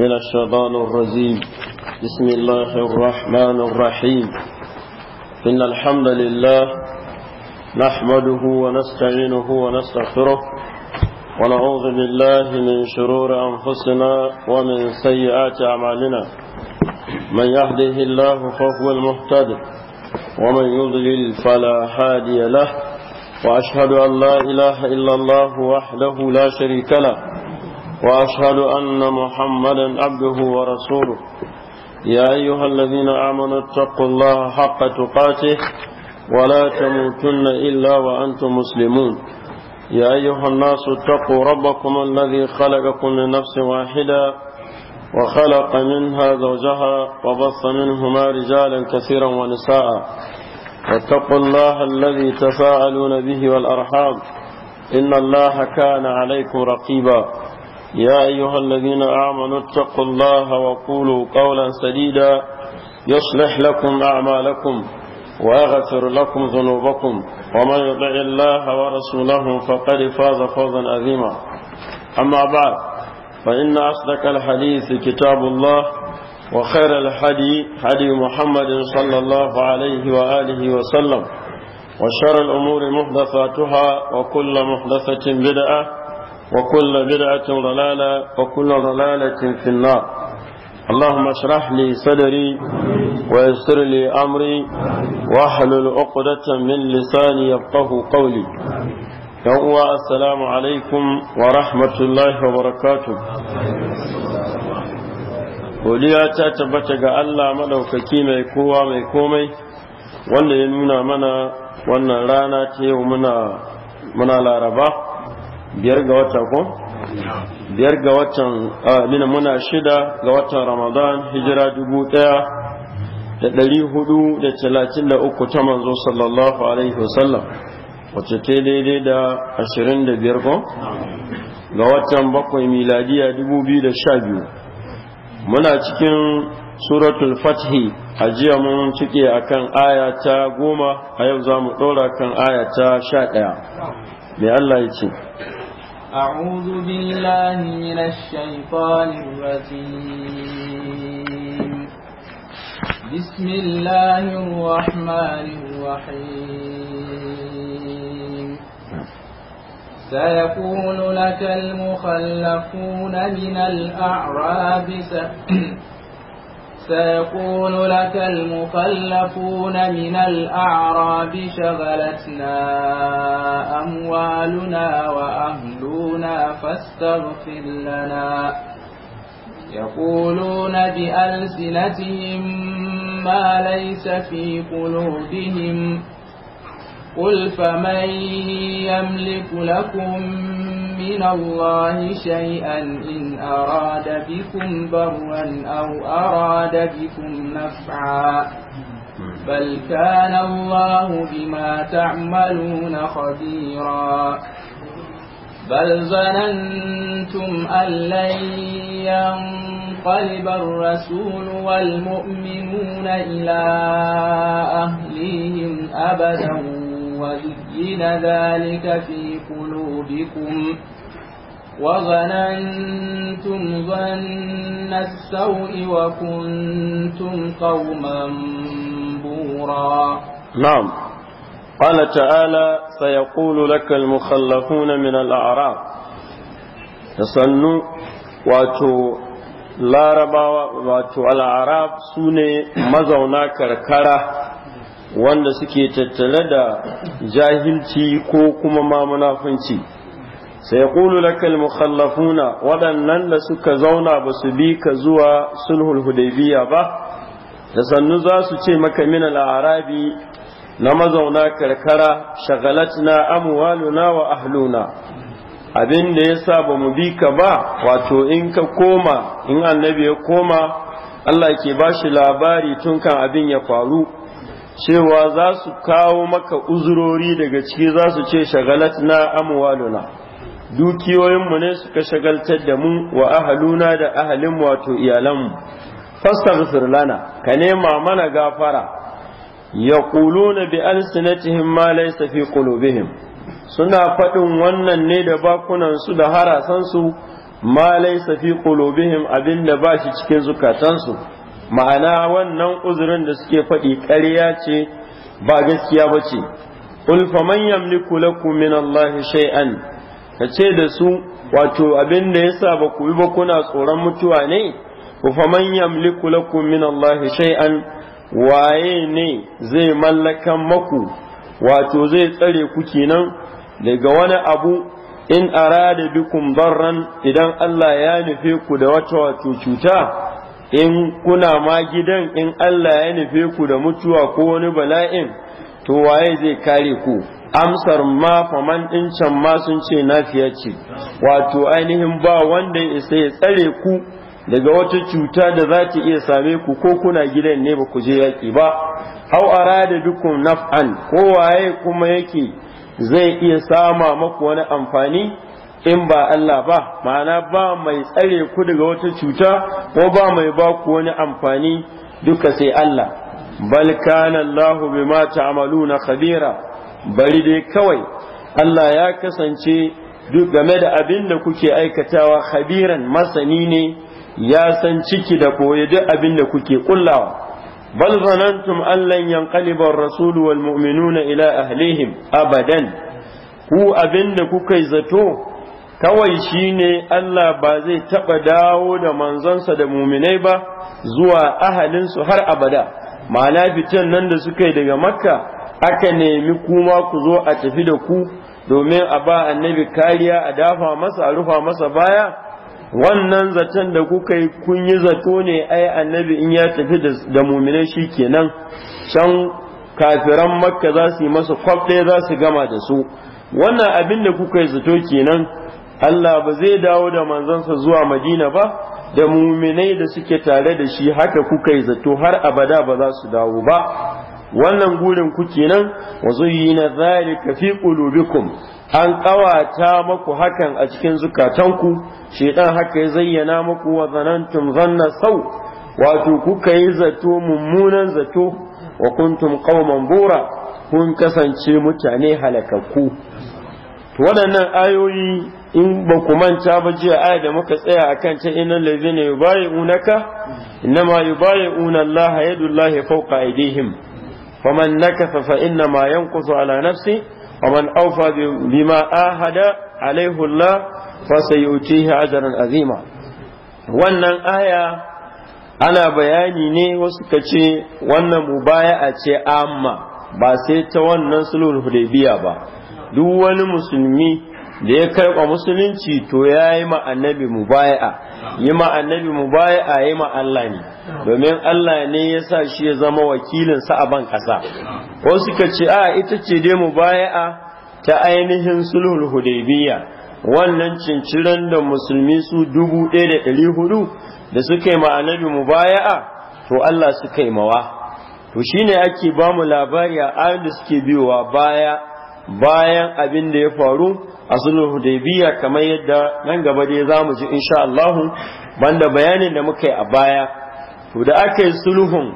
من الشيطان الرجيم بسم الله الرحمن الرحيم إن الحمد لله نحمده ونستعينه ونستغفره ونعوذ بالله من شرور أنفسنا ومن سيئات أعمالنا من يهده الله فهو المهتد ومن يضلل فلا هادي له وأشهد أن لا إله إلا الله وحده لا شريك له وأشهد أن محمدا عبده ورسوله يا أيها الذين آمنوا اتقوا الله حق تقاته ولا تموتن إلا وأنتم مسلمون يا أيها الناس اتقوا ربكم الذي خلقكم من نفس واحدة وخلق منها زوجها وبص منهما رجالا كثيرا ونساء واتقوا الله الذي تساءلون به والأرحام إن الله كان عليكم رقيبا يا أيها الذين آمنوا اتقوا الله وقولوا قولا سديدا يصلح لكم أعمالكم ويغفر لكم ذنوبكم ومن يطع الله ورسوله فقد فاز فوزا عظيما أما بعد فإن أصدق الحديث كتاب الله وخير الحدي حدي محمد صلى الله عليه وآله وسلم وشر الأمور محدثاتها وكل محدثة بدأة وكل بدعة ضلالة وكل ضلالة في النار اللهم اشرح لي صدري ويسر لي أمري واحلل عقدة من لساني يفقه قولي يوم السلام عليكم ورحمة الله وبركاته godiya ta tabbata ga Allah maɗaukaki mai kowa mai komai wanda ya nuna mana wannan rana ta yau muna laraba biyar ga wata ko biyar ga watan mina muna shida ga watan ramadan hijira dubu daya da dari hudu da talatin da uku ta manzo sallallahu alaihi wasallam wacce ta daidai da ashirin da biyar ko ga watan bakwai miladiya dubu biyu da sha biyu muna cikin suratul fathi a jiya mun cike kan aya ta goma a yau za mu ɗora kan aya ta sha ɗaya mai allah ya ce أعوذ بالله من الشيطان الرجيم بسم الله الرحمن الرحيم سيقول لك المخلفون من الأعراب سيقول لك المخلفون من الأعراب شغلتنا أموالنا وأهلنا فاستغفر لنا يقولون بألسنتهم ما ليس في قلوبهم قل فمن يملك لكم من الله شيئا إن أراد بكم برا أو أراد بكم نفعا بل كان الله بما تعملون خبيرا بل ظننتم أن لن ينقلب الرسول والمؤمنون إلى أهليهم أبدا وزين ذلك في قلوبكم وظننتم ظن السوء وكنتم قوما بورا نعم قال تعالى سيقول لك المخلفون من الأعراب يصنوا واتو larabawa wato al'arab sune mazauna karkara wanda suke tattare da jahilci ko kuma ma munafunci sai kulu lakal mukhallafuna waɗannan da suka zauna ba su bi ka zuwa sulhul ba da sannu za su ce maka min al-arabi na mazauna karkara shagalatna amwaluna wa ahluna abin da ya sa ba mu bi ka ba wato in ka koma in annabi ya koma Allah ke ba shi labari tun kan abin ya faru cewa za su kawo maka uzurori daga ciki za su ce shagalatna amwaluna dukiyoyinmu ne suka shagaltar da mu wa ahaluna da ahalin wato iyalanmu fastaghfir lana ka nema mana gafara yaquluna bi alsinatihim ma laysa fi qulubihim suna faɗin wannan ne da bakunansu da harasansu ma laysa fi qulubihim abinda ba shi cikin zukatansu ma'ana wannan uzurin da suke faɗi ƙarya ce ba gaskiya bace ce qul faman yamliku lakum min allahi shay'an ka ce da su wato abin da yasa ba ku yi ba kuna tsoron mutuwa ne fa man yamliku lakum min Allah shay'an waye ne zai mallakan maku wato zai tsare ku kenan daga wani abu in arada bikum barran idan Allah ya nufe ku da wata wato cuta in kuna ma gidan in Allah ya nufe ku da mutuwa ko wani bala'in to waye zai kare ku amsar ma faman ɗin can ma sun ce nafiya ce wato ainihin ba wanda ya isa ya tsare ku daga wata cuta da za ta iya same ku ko kuna gidan ne ba ku je yaƙi ba hau da dukkan naf'an ko waye kuma yake zai iya sama maku wani amfani in ba Allah ba ma'ana ba mai tsare ku daga wata cuta ko ba mai ba ku wani amfani duka sai Allah bal kana bima ta'maluna khabira bari dai kawai Allah ya kasance duk game da abin da kuke aikatawa khabiran masani ne ya san ciki da koyi duk abin da kuke kullawa bal zanantum an lan yanqaliba ar-rasul wal mu'minuna ila ahlihim abadan ku abin da kuka zato kawai shine Allah ba zai taba dawo da manzonsa da muminai ba zuwa ahalinsu har abada ma'ana fitan nan da suka yi daga makka aka nemi kuma ku zo a tafi da ku domin a ba annabi kariya a dafa masa a rufa masa baya wannan zaton da kuka yi kun yi zato ne ai annabi in ya tafi da muminai shi kenan can kafiran makka za su yi masa kwaf ɗaya za su gama da su wannan abin da kuka yi zato kenan Allah ba zai dawo da manzansa zuwa madina ba da muminai da suke tare da shi haka kuka yi zato har abada ba za su dawo ba wannan gurin ku kenan wa zuyyina zalika fi qulubikum an ƙawata maku hakan a cikin zukatanku shedan haka ya zayyana maku wa zanantum zanna sau wato kuka yi zato mummunan zato wa kuntum qauman bura kun kasance mutane halakakku to waɗannan ayoyi in ba ku manta ba jiya aya da muka tsaya akan ta innal ladzina yubayyi'unaka innama yubayyi'una Allah yadullahi fawqa aydihim ومن نكث فإنما ينقص على نفسه ومن أوفى بما آهد عليه الله فسيؤتيه أجرا عظيما wannan aya ana bayani ne wasu ka ce wannan mubaya'a ce amma ba sai ta wannan sulhul hudaybiya ba duk wani musulmi da ya karɓa musulunci to ya yi annabi mubaya'a yi annabi mubaya'a yi Allah ne domin Allah ne ya sa shi ya zama wakilin sa a ban ƙasa wasu suka ce a ita ce dai mubaya'a ta ainihin sulhul hudaybiyya wannan cinciran da musulmi su dubu ɗaya da ɗari hudu da suka yi ma annabi mubaya'a to Allah suka yi mawa to shine ake ba mu labari a ayoyin da suke biyowa baya bayan abin da ya faru a sulhul hudaybiya kamar yadda nan gaba dai za mu ji insha Allah banda bayanin da muka yi a baya to da aka yi sulhun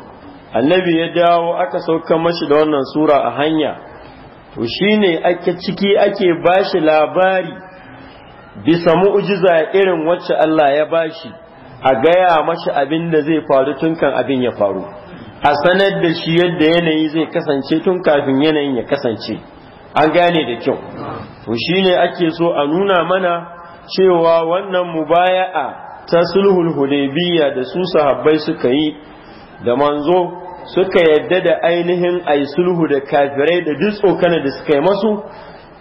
annabi ya dawo aka sauka mashi da wannan sura a hanya to shine ake ciki ake bashi labari bisa mu'jiza irin wacce Allah ya bashi a gaya mashi abin da zai faru tun kan abin ya faru a sanar da shi yadda yanayi zai kasance tun kafin yanayin ya kasance an gane da kyau to shine ake so a nuna mana cewa wannan mubaya'a ta sulhul hudaybiyya da su sahabbai suka yi da manzo suka yadda da ainihin ai sulhu da kafirai da duk tsokana da suka yi masu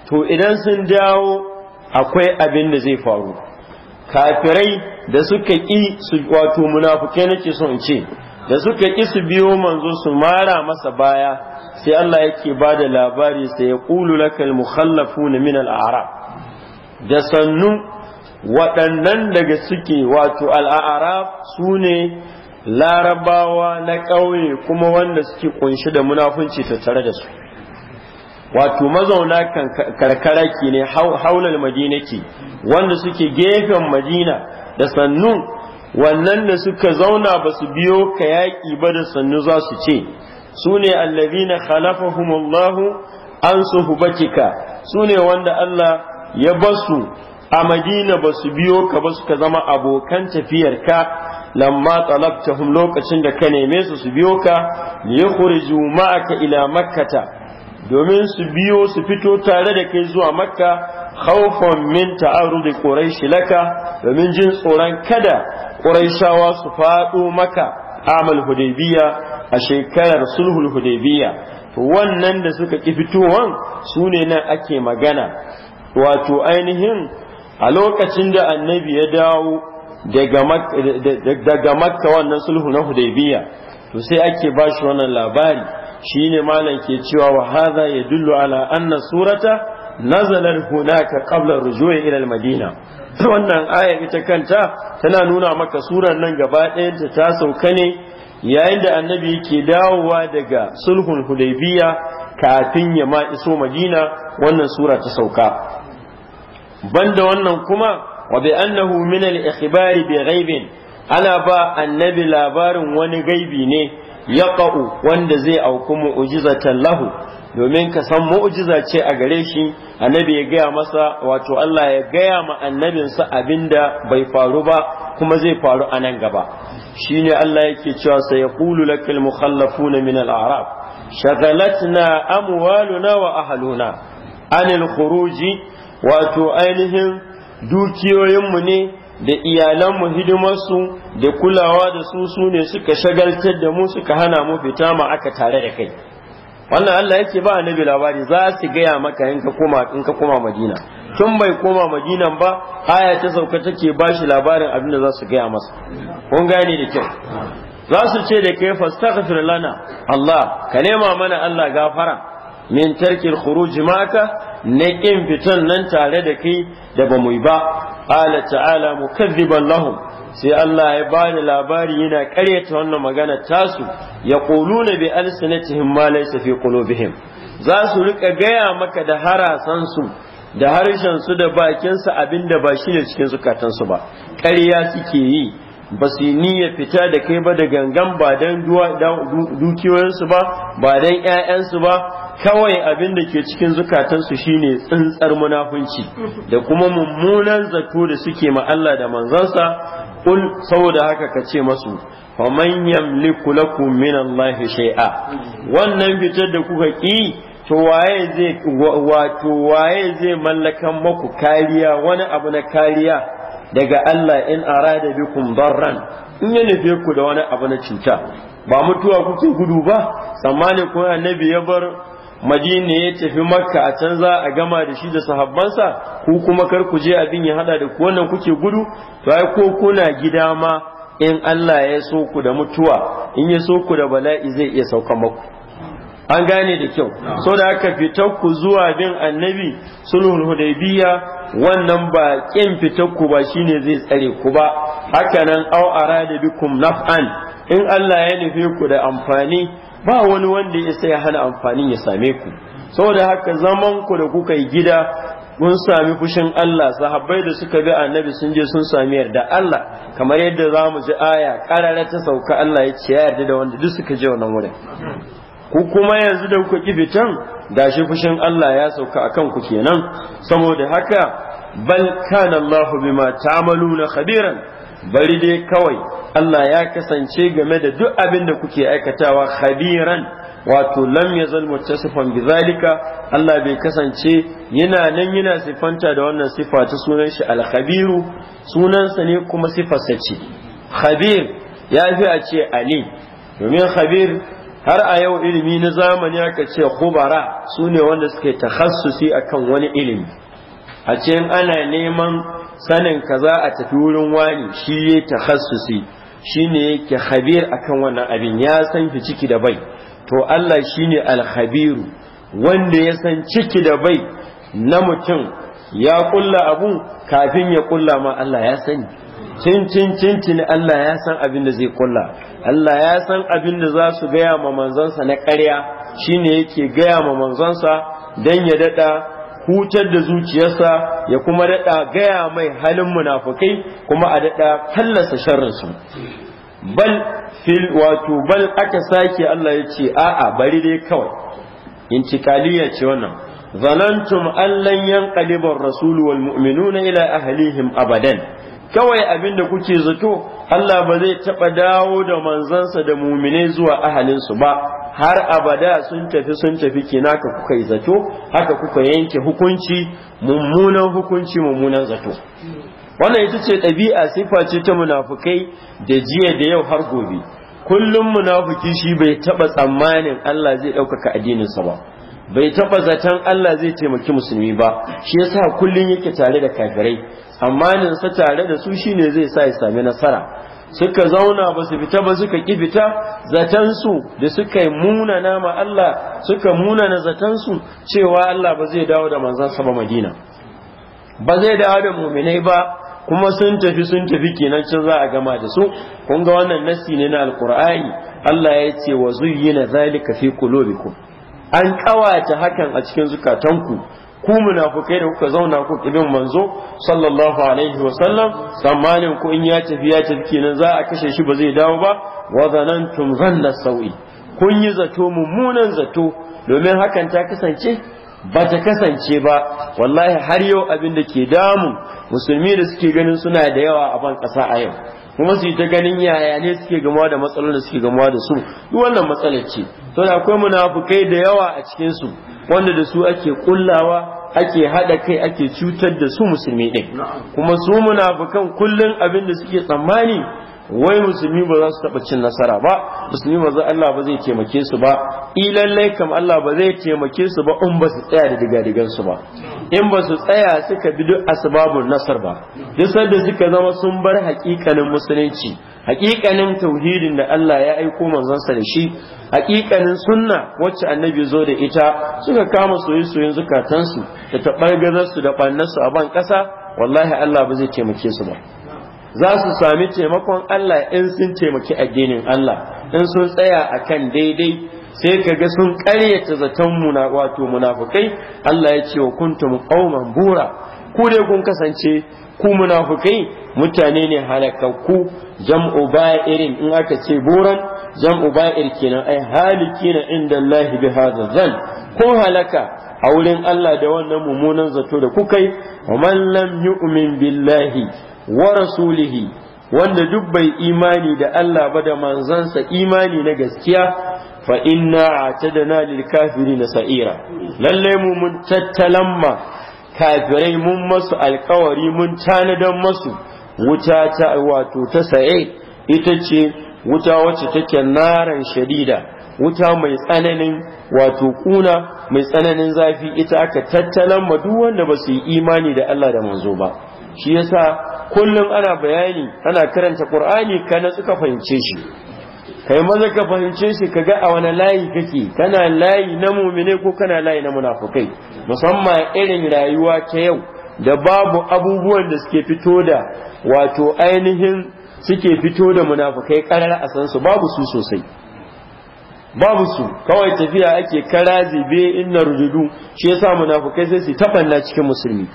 to idan sun dawo akwai abin da zai faru kafirai da suka ƙi wato munafukai nake son in ce da suka ƙi su biyo manzo su mara masa baya sai Allah yake ba da labari sai ya ƙulu lakal na min al-a'rab da sannu waɗannan daga suke wato al-a'rab su ne larabawa na ƙauye kuma wanda suke kunshi da munafunci ta tare da su wato mazauna karkara ke ne haulal madina ke wanda suke gefen madina da sannu wannan da suka zauna ba su biyo ka yaƙi ba da sannu za su ce su ne allabi na khalafahumullahu an suhbatika su ne wanda Allah ya basu a Madina ba su biyo ka ba suka zama abokan tafiyar ka lamma talabtahum lokacin da ka neme su su biyo ka liyukhriju ma'aka ila makkata domin su biyo su fito tare da kai zuwa makka khawfan min ta'arudi quraish laka domin jin tsoron kada ƙuraishawa su faɗo maka amal hudaybiya a shekarar sulhul hudaybiya wannan da suka ƙi fitowan su ne nan ake magana wato ainihin a lokacin da annabi ya dawo daga makka wannan sulhu na hudaybiya to sai ake ba shi wannan labari shine malam ke cewa wa ya yadullu ala anna surata nazalar hunaka qabla rujui ila madina wannan ayar ita kanta tana nuna maka surar nan gaba ɗayanta ta sauka ne yayin da annabi yake dawowa daga sulhun hudaybiya kafin ya ma iso madina wannan sura ta sauka banda wannan kuma wa bi annahu min al ikhbari bi ghaibin ana ba annabi labarin wani gaibi ne yaqa'u wanda zai auku mu'jizatan lahu domin ka san mu'jiza ce a gare shi annabi ya gaya masa wato Allah ya gaya ma annabinsa abinda bai faru ba kuma zai faru a nan gaba shine Allah yake cewa sai yaqulu lakal mukhallafuna min al-a'rab shagalatna amwaluna wa ahluna anil khuruji wato ainihin dukiyoyinmu ne da iyalanmu hidimarsu da kulawa da su su suka shagaltar da mu suka hana mu fita ma aka tare da kai wannan Allah yake ba annabi labari za su gaya maka in ka koma in ka koma Madina tun bai koma Madina ba aya ta sauka take ba shi labarin abin da za su gaya masa kun gane da kyau za su ce da kai fastaghfir lana Allah ka nema mana Allah gafara min tarkil khuruj maka na kin fitan nan tare da kai da ba yi ba qala ta'ala mukazziban lahum sai Allah ya bani labari yana karyata wannan magana tasu ya quluna bi alsinatihim ma laysa fi qulubihim za su rika gaya maka da harasan su da harshen su da bakin su abinda ba shi ne cikin zukatansu ba ƙarya suke yi ba su fita da kai ba da gangan ba don dukiyoyinsu ba ba don 'ya'yansu ba kawai abin da ke cikin zukatansu shine tsintsar munafunci da kuma mummunan zato da suke ma Allah da manzansa kul saboda haka ka ce masu faman yamliku lakum min Allah shay'a wannan fitar da kuka ki to wato waye zai mallakan maku kariya wani abu na kariya daga Allah in arada bikum darran in ya nufe ku da wani abu na cuta ba mutuwa kuke gudu ba tsammanin ko annabi ya bar madina ya tafi makka a can za a gama da shi da sahabbansa ku kuma kar ku je abin ya hada da ku wannan kuke gudu to ai ko kuna gida ma in Allah ya so ku da mutuwa in ya so ku da bala'i zai iya sauka maku an gane da kyau so da haka ku zuwa bin annabi sulhul hudaybiya wannan ba kin ku ba shine zai tsare ku ba haka nan au arada bikum naf'an in Allah ya nufi ku da amfani ba wani wanda ya sai hana amfanin ya same ku saboda haka zaman ku da kuka yi gida mun sami fushin Allah sahabbai da suka bi annabi sun je sun sami yarda Allah kamar yadda za mu ji aya karara ta sauka Allah ya ce yarda da wanda duk suka je wannan wurin ku kuma yanzu da kuka ki fitan gashi fushin Allah ya sauka akan ku kenan saboda haka bal kana Allah bima ta'maluna khabiran bari dai kawai Allah ya kasance game da duk abin da kuke aikatawa khabiran wato lam yazal muttasifan bizalika Allah bai kasance yana nan yana sifanta da wannan sifa ta sunan shi al-khabiru sunansa ne kuma sifarsa ce khabir ya fi a ce ali domin khabir har a yau ilimi na zamani aka ce khubara su ne wanda suke takhassusi akan wani ilimi a ce ana neman sanin kaza a tafi wurin wani shi ya takhassusi shi ne yake khabir akan wannan abin ya san fi ciki da bai to Allah shi ne alhabiru wanda ya san ciki da bai na mutum ya kulla abu kafin ya kulla ma Allah ya sani cin cin cin Allah ya san abin da zai kulla Allah ya san abin da za su gaya ma manzansa na ƙarya shi ne yake gaya ma manzansa don ya daɗa hutar da zuciyarsa ya kuma daɗa gaya mai halin munafukai kuma a daɗa kallasa sharrinsu bal fil wato bal aka sake Allah ya ce a'a bari dai kawai intikaliya ce wannan zanantum allan yanqalibar rasulu wal mu'minuna ila ahlihim abadan kawai abin da kuke zato Allah ba zai taɓa dawo da manzansa da mumine zuwa ahalinsu ba har abada sun tafi sun tafi kina ka kuka yi zato haka kuka yanke hukunci mummunan hukunci mummunan zato wannan ita ce ɗabi'a sifa ce ta munafukai da jiya da yau har gobe kullum munafuki shi bai taɓa tsammanin Allah zai ɗaukaka addininsa ba bai taba zaton Allah zai taimaki musulmi ba shi yasa kullum yake tare da kafirai amma sa tare da su shine zai sa ya sami nasara suka zauna ba su fita ba suka ki fita zaton su da suka yi muna ma Allah suka munana na zaton su cewa Allah ba zai dawo da manzon sa ba Madina ba zai dawo da muminai ba kuma sun tafi sun tafi kenan can za a gama da su kun ga wannan nasi ne na alqur'ani Allah ya ce wa zuyyina zalika fi qulubikum an kawace hakan a cikin zukatanku ku munafukai da kuka zauna ku kibin manzo sallallahu alaihi wa sallam tsammanin ku in ya tafi ya tafi kenan za a kashe shi ba zai dawo ba wa zanantum zanna sau'i kun yi zato mummunan zato domin hakan ta kasance ba ta kasance ba wallahi har yau abin da ke damu musulmi da suke ganin suna da yawa a ban ƙasa a yau kuma su yi ta ganin yaya ne suke gamawa da matsalar da suke gamawa da su duk wannan matsalar ce to da akwai munafukai da yawa a cikin su wanda da su ake kullawa ake hada kai ake cutar da su musulmi din kuma su munafukan kullun abin da suke tsammani wai musulmi ba za su taɓa cin nasara ba musulmi ba Allah ba zai taimake su ba ilallai kam Allah ba zai taimake su ba in ba su tsaya da digadigan su ba in ba su tsaya suka bi duk asbabun nasar ba duk sanda suka zama sun bar haƙiƙanin musulunci haƙiƙanin tauhidin da Allah ya aiko manzansa da shi haƙiƙanin sunna wacce annabi zo da ita suka kama soyayyen zukatansu da su da bannansu a ban ƙasa wallahi Allah ba zai taimake su ba za su sami taimakon Allah in sun taimaki addinin Allah in sun tsaya a kan daidai sai ka ga sun ƙaryata zaton muna wato munafukai Allah ya ce wa kuntum qauman bura ku dai kun kasance ku munafukai mutane ne halakakku jam'u ba'irin in aka ce buran jam'u ba'ir kenan ai halikina inda Allah bi hadha zan kun halaka a wurin Allah da wannan mummunan zato da kukai wa man lam yu'min billahi wa rasulihi wanda duk bai imani da Allah ba da manzansa imani na gaskiya fa inna atadana lil na sa'ira lalle mu mun tattalamma kafirai mun masu alkawari mun tanadan masu wuta ta wato ta sa'e ita ce wuta wacce take naran shadida wuta mai tsananin wato kuna mai tsananin zafi ita aka tattalan ma duk wanda ba su yi imani da Allah da manzo ba shi yasa kullum ana bayani ana karanta qur'ani ka na suka fahimce shi kai maza ka fahimce shi ka ga a wani layi kake kana layi na mumine ko kana layi na munafukai musamman irin rayuwa ta yau da babu abubuwan da suke fito da wato ainihin suke fito da munafukai karar a san su babu su sosai babu su kawai tafiya ake kara zibe inna rududu shi yasa munafukai sai su tafanna cikin musulmi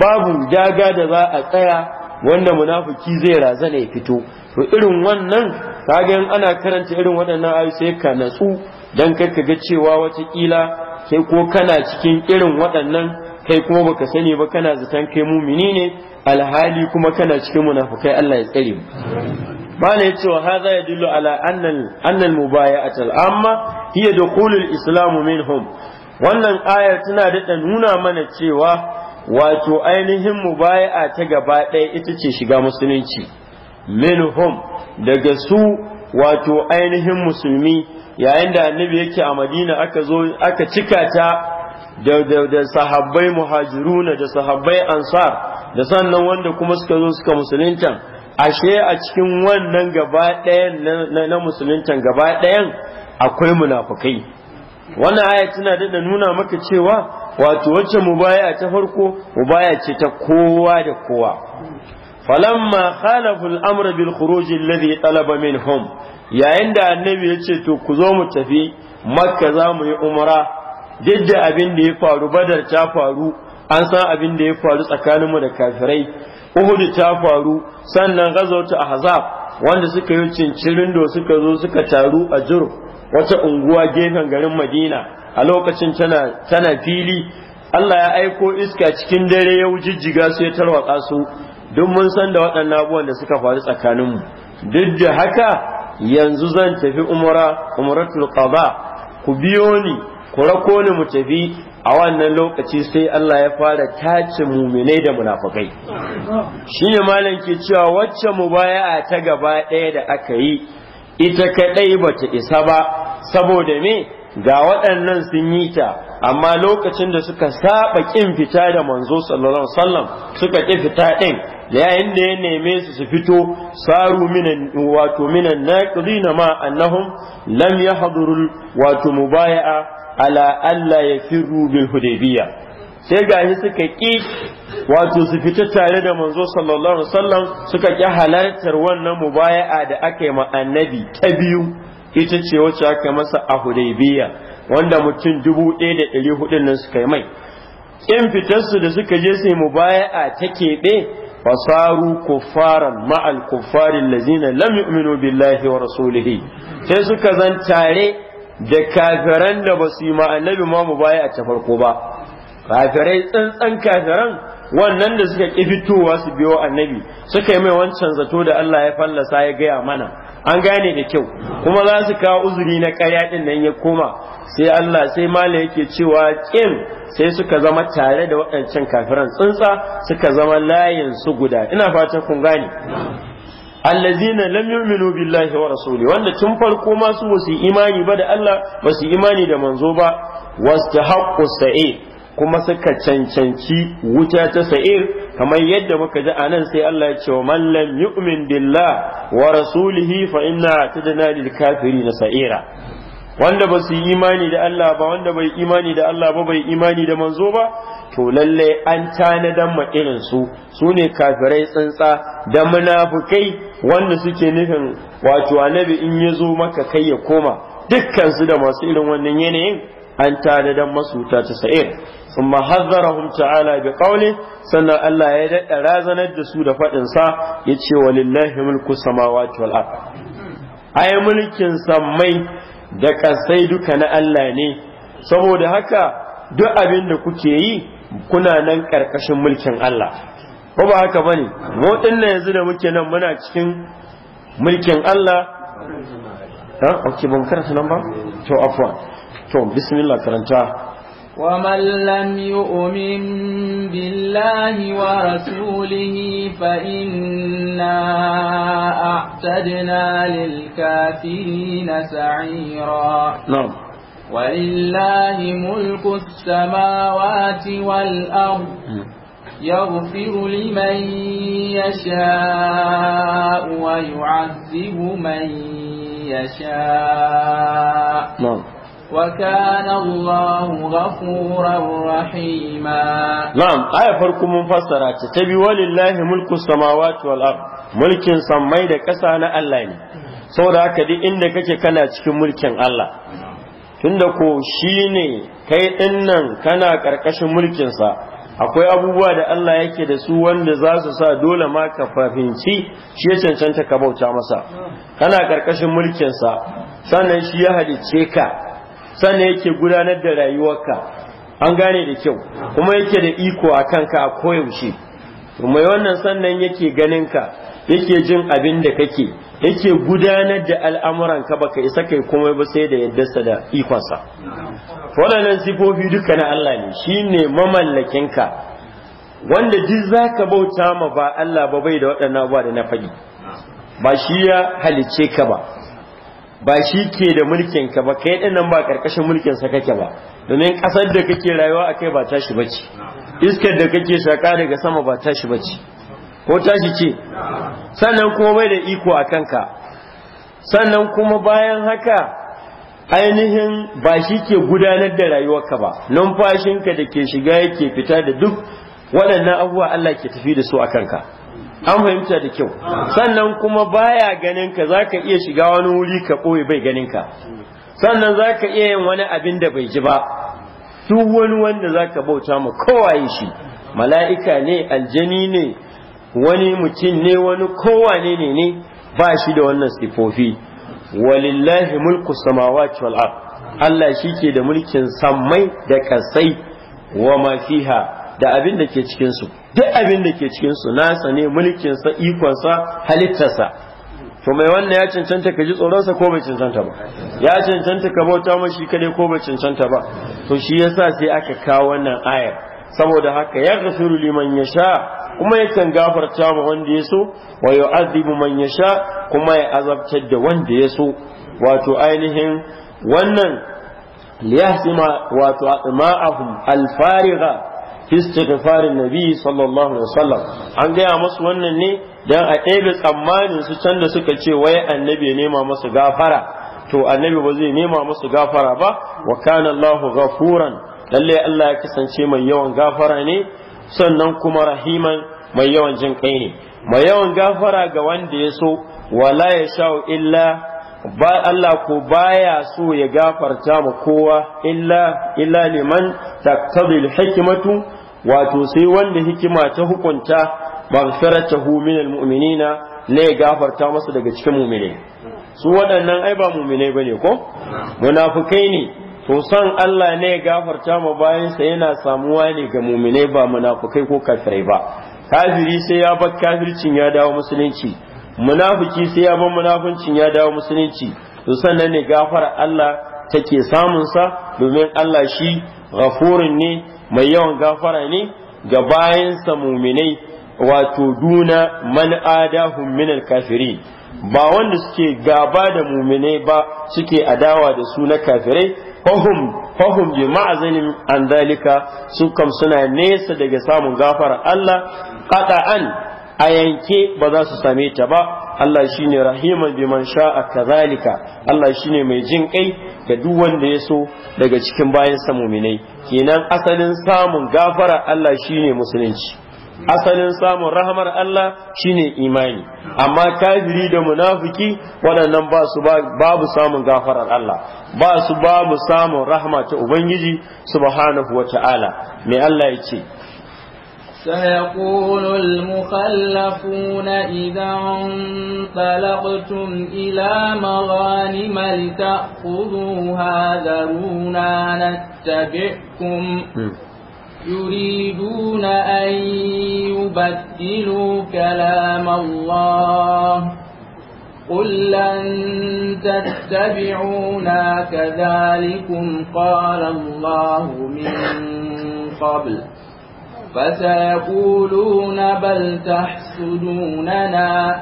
babu daga da za a tsaya wanda munafiki zai razana ya fito to irin wannan kagan ana karanta irin waɗannan ayu sai ka natsu dan ka ga cewa wataƙila kai ko kana cikin irin waɗannan kai kuma baka sani ba kana zaton kai mumini ne alhali kuma kana cikin munafukai Allah ya tsare mu bala yace wa hadha yadullu ala annal annal mubaya'at al amma hiya dukhulul islamu minhum wannan ayar tana da nuna mana cewa wato ainihin mubaya'a ta gaba ɗaya ita ce shiga musulunci minhum daga su wato ainihin musulmi yayin da annabi yake a madina aka zo aka cika ta da sahabbai muhajiruna da sahabbai ansar da sannan wanda kuma suka zo suka musulunta ashe a cikin wannan gaba ɗayan na musuluntan gaba ɗayan akwai munafukai wannan aya tana daɗa nuna maka cewa wato wacce mubaya ta farko mu baya ce ta kowa da kowa falamma khalafu al-amr bil khuruj alladhi talaba minhum yayin da annabi ya ce to ku zo mu tafi makka za mu yi umara duk da abin da ya faru badar ta faru an san abin da ya faru tsakanin mu da kafirai uhud ta faru sannan gazawta ahzab wanda suka yi cincirin da suka zo suka taru a jurf wata unguwa gefen garin madina a lokacin tana tana fili Allah ya aiko iska cikin dare ya wujijjiga su ya tarwatsa su duk mun san da waɗannan abubuwan da suka faru tsakaninmu duk da haka yanzu zan tafi umara umaratul qada ku biyo ni ku rako ni mu tafi a wannan lokaci sai Allah ya fara tace muminai da munafukai ne malam ke cewa wacce mubaya'a ta gaba ɗaya da aka yi ita kadai bata isa ba saboda me ga waɗannan sun yi ta amma lokacin da suka saba kin fita da manzo sallallahu alaihi suka ƙi fita din yayin da ya neme su su fito saru minan wato minan ma annahum lam yahdurul wato mubaya'a ala alla yafiru bil hudaybiyah sai gashi suka ƙi wato su fita tare da manzo sallallahu alaihi wasallam suka ƙi halartar wannan mubaya'a da aka yi ma annabi ta biyu ita ce wacce aka masa a hudaybiya wanda mutum dubu ɗaya da ɗari hudun nan suka yi mai in fitarsu da suka je sai mubaya'a ta keɓe fasaru kuffaran ma'al kuffarin lazina lam yu'minu billahi wa rasulihi sai suka zan tare da kafiran da basu yi ma annabi ma mubaya'a ta farko ba kafirai tsantsan kafiran wannan da suka ƙi fitowa su biyo annabi suka yi mai wancan zato da Allah ya fallasa ya gaya mana an gane da kyau kuma za su kawo uzuri na ƙarya din nan ya koma sai Allah sai mala yake cewa ƙin sai suka zama tare da waɗancan kafiran tsuntsa, suka zama layin su guda ina fatan kun gane allazina lam yu'minu billahi wa rasuli wanda tun farko ma su basu imani ba da Allah basu imani da manzo ba wastahaqqu sa'i kuma suka cancanci wuta ta sa'ir kamar yadda muka ji a nan sai Allah ya ce wa man lam yu'min billah wa rasulihi fa inna tadna lil kafirin sa'ira wanda ba su yi imani da Allah ba wanda bai imani da Allah ba bai imani da manzo ba to lalle an tanadan ma irin su su kafirai tsantsa da munafukai wanda suke nufin wato annabi in ya zo maka kai ya koma dukkan su da masu irin wannan yanayin an tada dan masuta ta su sun mahazzarahum ta'ala bi qawli sannan Allah ya dadda razanar da su da faɗinsa sa yace wani mulku samawati wal ard ai mulkin sammai da kasai duka na Allah ne saboda haka duk abin da kuke yi kuna nan ƙarƙashin mulkin Allah ko ba haka bane mu dinnan yanzu da muke nan muna cikin mulkin Allah ha Ok, ban karanta nan ba to afwan بسم الله كرنتا ومن لم يؤمن بالله ورسوله فإنا أعتدنا للكافرين سعيرا نعم ولله ملك السماوات والأرض يغفر لمن يشاء ويعذب من يشاء نعم وكان الله غفورا رحيما نعم آية فرقم مفسرة تبي ولله ملك السماوات والأرض ملك سمي da ƙasa na Allah ne saboda haka duk inda kake kana cikin mulkin Allah tunda ko shi ne kai nan kana ƙarƙashin mulkinsa akwai abubuwa da Allah yake da su wanda za su sa dole ma ka fahimci shi ya cancanta ka bauta masa kana ƙarƙashin mulkinsa sannan shi ya halicce ka sannan yake gudanar da rayuwarka an gane da kyau kuma yake da iko a kanka a koyaushe mai wannan sannan yake ganinka yake jin abin da kake yake gudanar da al'amuran ka baka isa kai komai ba sai da sa da ikonsa waɗannan sifofi duka na Allah ne shine mamallakin ka wanda duk ka bauta ma ba Allah ba bai da waɗannan abuwa da na faɗi ba shi ya halicce ka ba ba shi ke da mulkin ka ba kai din nan ba ƙarƙashin mulkin sa kake ba domin ƙasar da kake rayuwa a kai ba tashi bace iskar da kake shaƙa daga sama ba tashi bace ko tashi ce sannan kuma bai da iko a kanka sannan kuma bayan haka ainihin ba shi ke gudanar da rayuwarka ba numfashinka da ke shiga yake fita da duk waɗannan abubuwa Allah ke tafi da su a kanka an fahimta da kyau sannan kuma baya ganin ka zaka iya shiga wani wuri ka ɓoye bai ganin ka sannan zaka iya yin wani abin da bai ji ba duk wani wanda zaka bauta mu kowaye shi mala'ika ne aljani ne wani mutum ne wani kowane ne ne ba shi da wannan sifofi walillahi mulku samawati wal ard Allah shi ke da mulkin sammai da kasai wa ma da abin da ke cikinsu duk abin da ke cikinsu nasa ne mulkinsa ikonsa halittarsa to mai wannan ya cancanta ka ji tsoronsa ko bai cancanta ba ya cancanta ka bauta mashi kadai ko bai cancanta ba to shi yasa sai aka kawo wannan ayar saboda haka ya gafiru liman ya sha kuma yakan gafarta ma wanda ya so wa yu'adhibu man ya sha kuma ya azabtar da wanda ya so wato ainihin wannan liyahsima wato ma'ahum alfariga istighfarin nabi sallallahu alaihi wasallam an gaya masu wannan ne dan a ɗebe tsammanin su can da suka ce wai annabi ya nema masu gafara to annabi ba zai nema masu gafara ba wa kana Allahu ghafuran lalle Allah ya kasance mai yawan gafara ne sannan kuma rahiman mai yawan jin kai ne mai yawan gafara ga wanda ya so wala ya sha'u illa Ba Allah ko baya so ya gafarta ma kowa illa illa liman taqtadil hikmatu wato sai wanda hikima ta hukunta maghfiratahu min almu'minina ne gafarta masa daga cikin mu'mine su waɗannan ai ba mu'mine bane ko munafikai ne to san Allah ne ya gafarta ma bayansa yana samuwa ne ga mu'mine ba munafukai ko kafirai ba kafiri sai ya bar kafircin ya dawo musulunci munafiki sai ya bar munafuncin ya dawo musulunci to sannan ne gafara Allah take samun sa domin Allah shi raforin ne mai yawan gafara ne ga bayansa muminai wato duna man adahum min kafiri. ba wanda suke gaba da muminai ba suke adawa da su na kafirai fahum fahum bi ma'azalim an dalika su kam suna nesa daga samun gafara Allah qata'an a yanke ba za su same ta ba Allah shi ne rahiman biman sha'a kazalika Allah shi ne mai jin kai ga duk wanda ya so daga cikin bayan sa muminai kenan asalin samun gafara Allah shi ne musulunci asalin samun rahamar Allah shi ne imani amma kafiri da munafiki waɗannan ba su babu samun gafarar Allah ba su babu samun rahama ta ubangiji subhanahu wata'ala mai Allah ya ce سيقول المخلفون إذا انطلقتم إلى مغانم لتأخذوها ذرونا نتبعكم نعم. يريدون أن يبدلوا كلام الله قل لن تتبعونا كذلكم قال الله من قبل فسيقولون بل تحسدوننا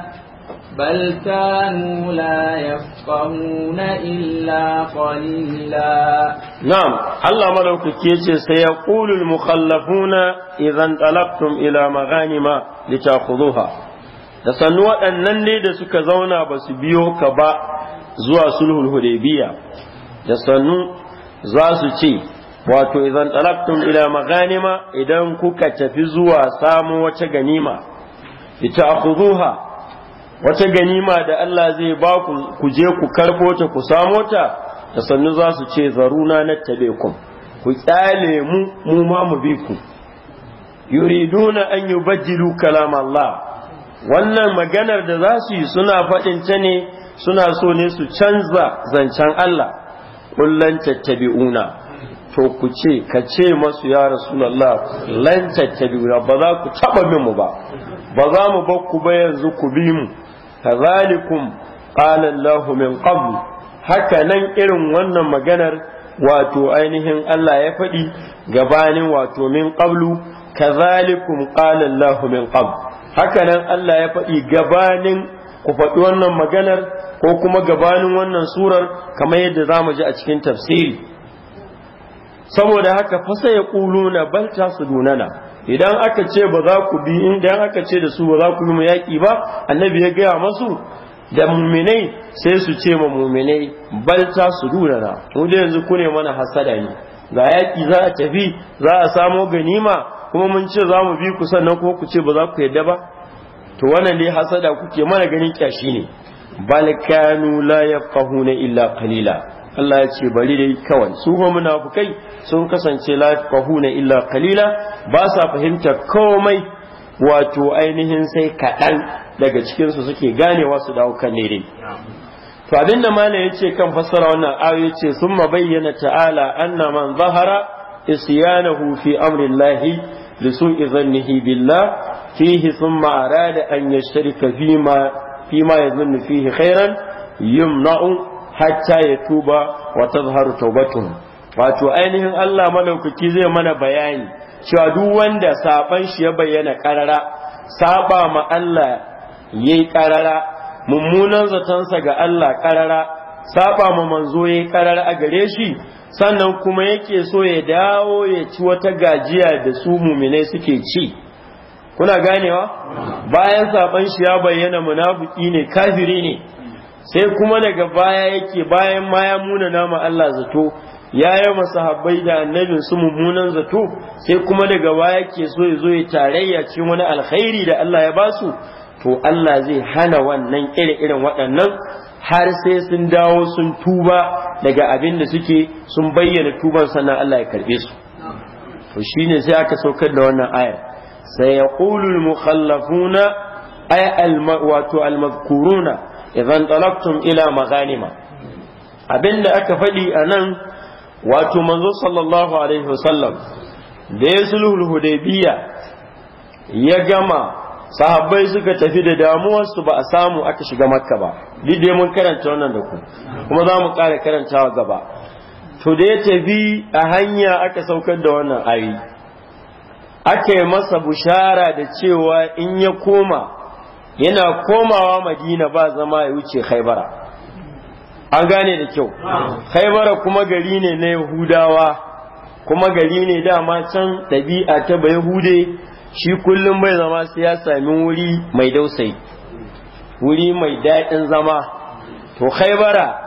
بل كانوا لا يفقهون إلا قليلا نعم الله ملوك كيجي سيقول المخلفون إذا انطلقتم إلى مغانم لتأخذوها da sannu waɗannan ne da suka zauna ba su biyo ka ba zuwa sulhul hudaybiya da sannu za su ce wato idan talaktun ila maganima idan kuka tafi zuwa samu wace ganima ita ita'khudhuha wace ganima da Allah zai ba ku ku je ku karbo ta ku samo ta da sannu za su ce zaruna na tabekum ku tsale mu mu ma mu bi ku yuriduna an yubaddilu kalam Allah wannan maganar da za su yi suna faɗin ta ne suna so ne su canza zancen Allah kullan tattabi'una to ku ce ka ce masu ya rasulullah lan tattabuna ba za ku taba bin ba ba za mu ba ku ba yanzu ku bi mu kazalikum qala allah min qabl haka nan irin wannan maganar wato ainihin Allah ya faɗi gabanin wato min qablu kazalikum qala allah min qabl haka nan Allah ya faɗi gabanin ku faɗi wannan maganar ko kuma gabanin wannan surar kamar yadda za mu ji a cikin tafsiri saboda haka fasa ya ƙuluna bal ta su dunana idan aka ce ba za ku bi idan aka ce da su ba za ku yi mu yaƙi ba annabi ya gaya masu da muminai sai su ce ma muminai bal ta su dunana mu da yanzu kune mana hasada ne ga yaƙi za a tafi za a samo ganima kuma mun ce za mu bi ku sannan kuma ku ce ba za ku yadda ba to wannan dai hasada kuke mana ganin kyashi ne bal kanu la yafqahuna illa qalila Allah ya ce bari dai kawai su fa munafukai sun kasance la fahuna illa kalila. ba sa fahimtar komai wato ainihin sai kaɗan daga cikinsu suke ganewa su dawo kan ne dai to abin da mala ya ce kan fassara wannan ayo ya ce sun bayyana ta'ala anna man zahara isyanahu fi amrillahi li su'i zannihi billah fihi thumma arada an yashtarika fima fima yazunnu fihi khairan yumna'u hatta ya tuba wa tazharu taubatun wato ainihin Allah malaukaki zai mana bayani cewa duk wanda saban shi ya bayyana karara saba ma Allah yayi karara mummunan zatonsa ga Allah karara saba ma manzo yayi karara a gare shi sannan kuma yake so ya dawo ya ci wata gajiya da su mumine suke ci kuna ganewa bayan saban shi ya bayyana munafiki ne kafiri ne sai kuma daga baya yake bayan ma ya muna nama Allah zato ya yi masahabbai da annabin su mummunan zato sai kuma daga baya yake so ya zo ya tarayya ce wani alkhairi da Allah ya basu to Allah zai hana wannan irin irin waɗannan har sai sun dawo sun tuba daga abin da suke sun bayyana tuban sannan Allah ya karbe su to shine sai aka saukar da wannan ayar sai yaqulul mukhallafuna ay al wato al mazkuruna idan talaqtum ila maghanima abinda aka faɗi a nan wato manzo sallallahu alaihi wasallam da ya sulhul hudaybiya ya gama sahabbai suka tafi da damuwarsu ba a samu aka shiga makka ba da mun karanta wannan da ku kuma za mu ƙara karantawa gaba to da ya tafi a hanya aka saukar da wannan ayi aka yi masa bushara da cewa in ya koma yana komawa madina ba zama ya wuce khaibara an gane da kyau khaibara kuma gari ne na yahudawa kuma gari ne dama can ɗabi'a ta ba yahude shi kullum bai zama sai ya sami wuri mai dausayi wuri mai daɗin zama to khaibara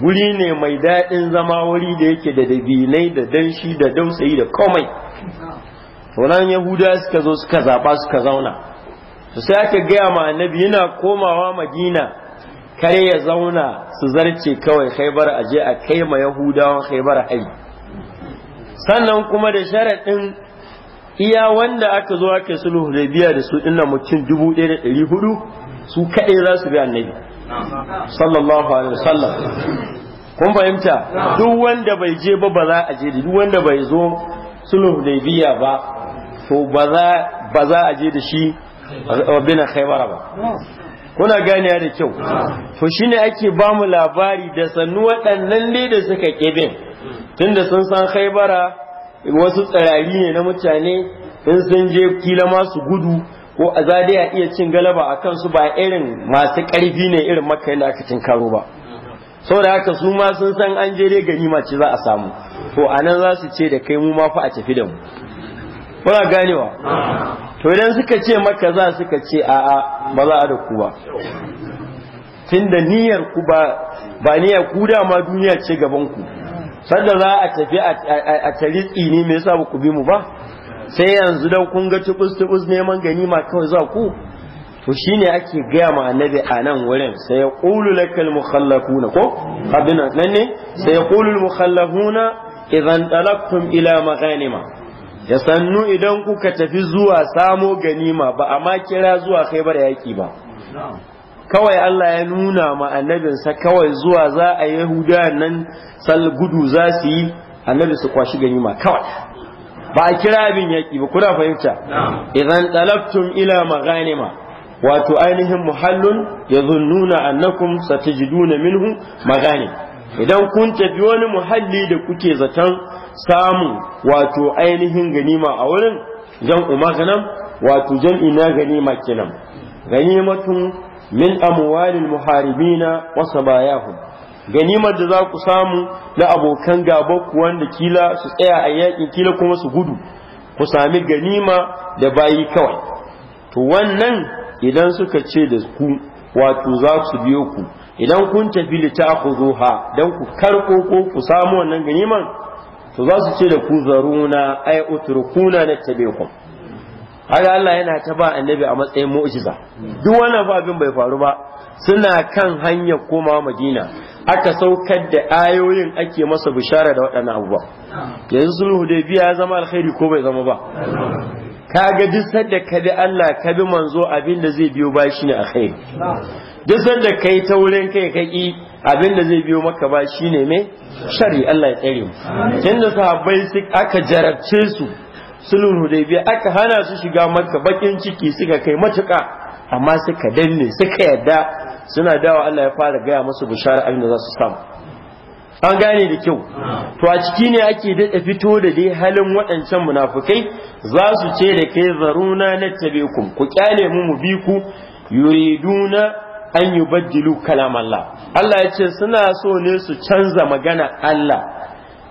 guri ne mai daɗin zama wuri da yake da dabinai da danshi da dausayi da komai to nan yahuda suka zo suka zaɓa suka zauna sai aka gaya ma annabi yana komawa madina kare ya zauna su zarce kawai khaibar a je a kai ma yahudawan khaibar hari sannan kuma da sharaɗin iya wanda aka zo aka sulhu biya da su dinnan mutum dubu ɗaya da ɗari hudu su kaɗai za su bi annabi sallallahu alaihi wasallam kun fahimta duk wanda bai je ba ba za a je da duk wanda bai zo sulhu biya ba to ba za a je da shi bina haibara ba kuna gane da kyau to ne ake ba mu labari da sannu waɗannan ne da suka kebin tunda sun san khaybara wasu tsirari ne na mutane in sun je kila masu gudu ko a a iya cin galaba a kansu ba irin masu ƙarfi ne irin maka yadda aka cin karo ba saboda haka su ma sun san an je dai ganima ce za a samu to anan za su ce da kai mu ma fa a tafi da mu kuna ganewa to idan suka ce maka za suka ce a'a ba za a da ku ba tunda niyyar ku ba ba niyyar ku dama duniya ce gaban ku sanda za a tafi a tari tsini me yasa ku bi mu ba sai yanzu dan kun ga tubus tubus neman ma kawai za ku to shine ake gaya ma annabi a nan wurin sai ya qulu lakal mukhallafuna ko abin nan ne sai ya qulu al mukhallafuna idan talaqtum ila maghanima da sannu idan kuka tafi zuwa samo ganima ba a ma kira zuwa khaibar yaki ba kawai Allah ya nuna ma annabinsa kawai zuwa za a yahuda nan sal gudu za su yi annabi su kwashi ganima kawai ba a kira abin yaki ba kuna fahimta idan talabtum ila maghanima wato ainihin muhallun ya yadhunnuna annakum satajiduna minhu maghanim idan kun tafi wani muhalli da kuke zaton samun wato ainihin ganima a wurin jam'u maghanam wato jan na ganima kenan ganimatun min amwalil muharibina wa sabayahum ganimar da za ku samu na abokan gaba ku wanda kila su tsaya a yakin kila kuma su gudu ku sami ganima da bayi kawai to wannan idan suka ce da ku wato za su biyo ku idan kun tafi li zuha, dan ku karko ko ku samu wannan ganiman to za su ce da ku zaruna ai utrukuna nattabi'ukum haka Allah yana ta ba annabi a matsayin mu'jiza duk wannan ba abin bai faru ba suna kan hanyar koma Madina aka saukar da ayoyin ake masa bishara da waɗannan abubuwa yanzu sulhu da biya ya zama alkhairi ko bai zama ba ka ga duk sanda ka bi Allah ka bi manzo abin da zai biyo ba ne alkhairi duk sanda kai taurin kai ka abin da zai biyo maka ba shi ne mai shari Allah ya tsere mu yanda sahabbai aka jarabce su da biya aka hana su shiga maka bakin ciki suka kai matuka amma suka danne suka yadda suna dawa Allah ya fara gaya masu bishara abin da za su samu an gane da kyau to a ciki ne ake daɗa fito da dai halin waɗancan munafukai za su ce da kai zaruna na tabe ku ku kyale mu mu bi ku yuriduna an yi baddilu kalam Allah Allah ya ce suna so ne su canza magana Allah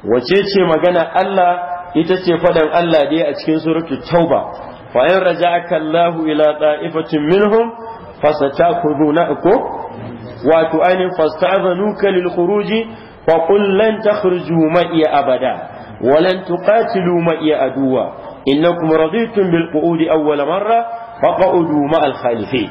wace ce magana Allah ita ce faɗan Allah dai a cikin suratul tauba Wa in raja'aka Allahu ila ta'ifatin minhum na? ko wato ainin fasta'zanuka lil khuruji fa qul lan takhruju ma'iya abada ولن تقاتلوا معي عدوا إنكم رضيتم بالقعود أول مرة فقعدوا مع الخالفين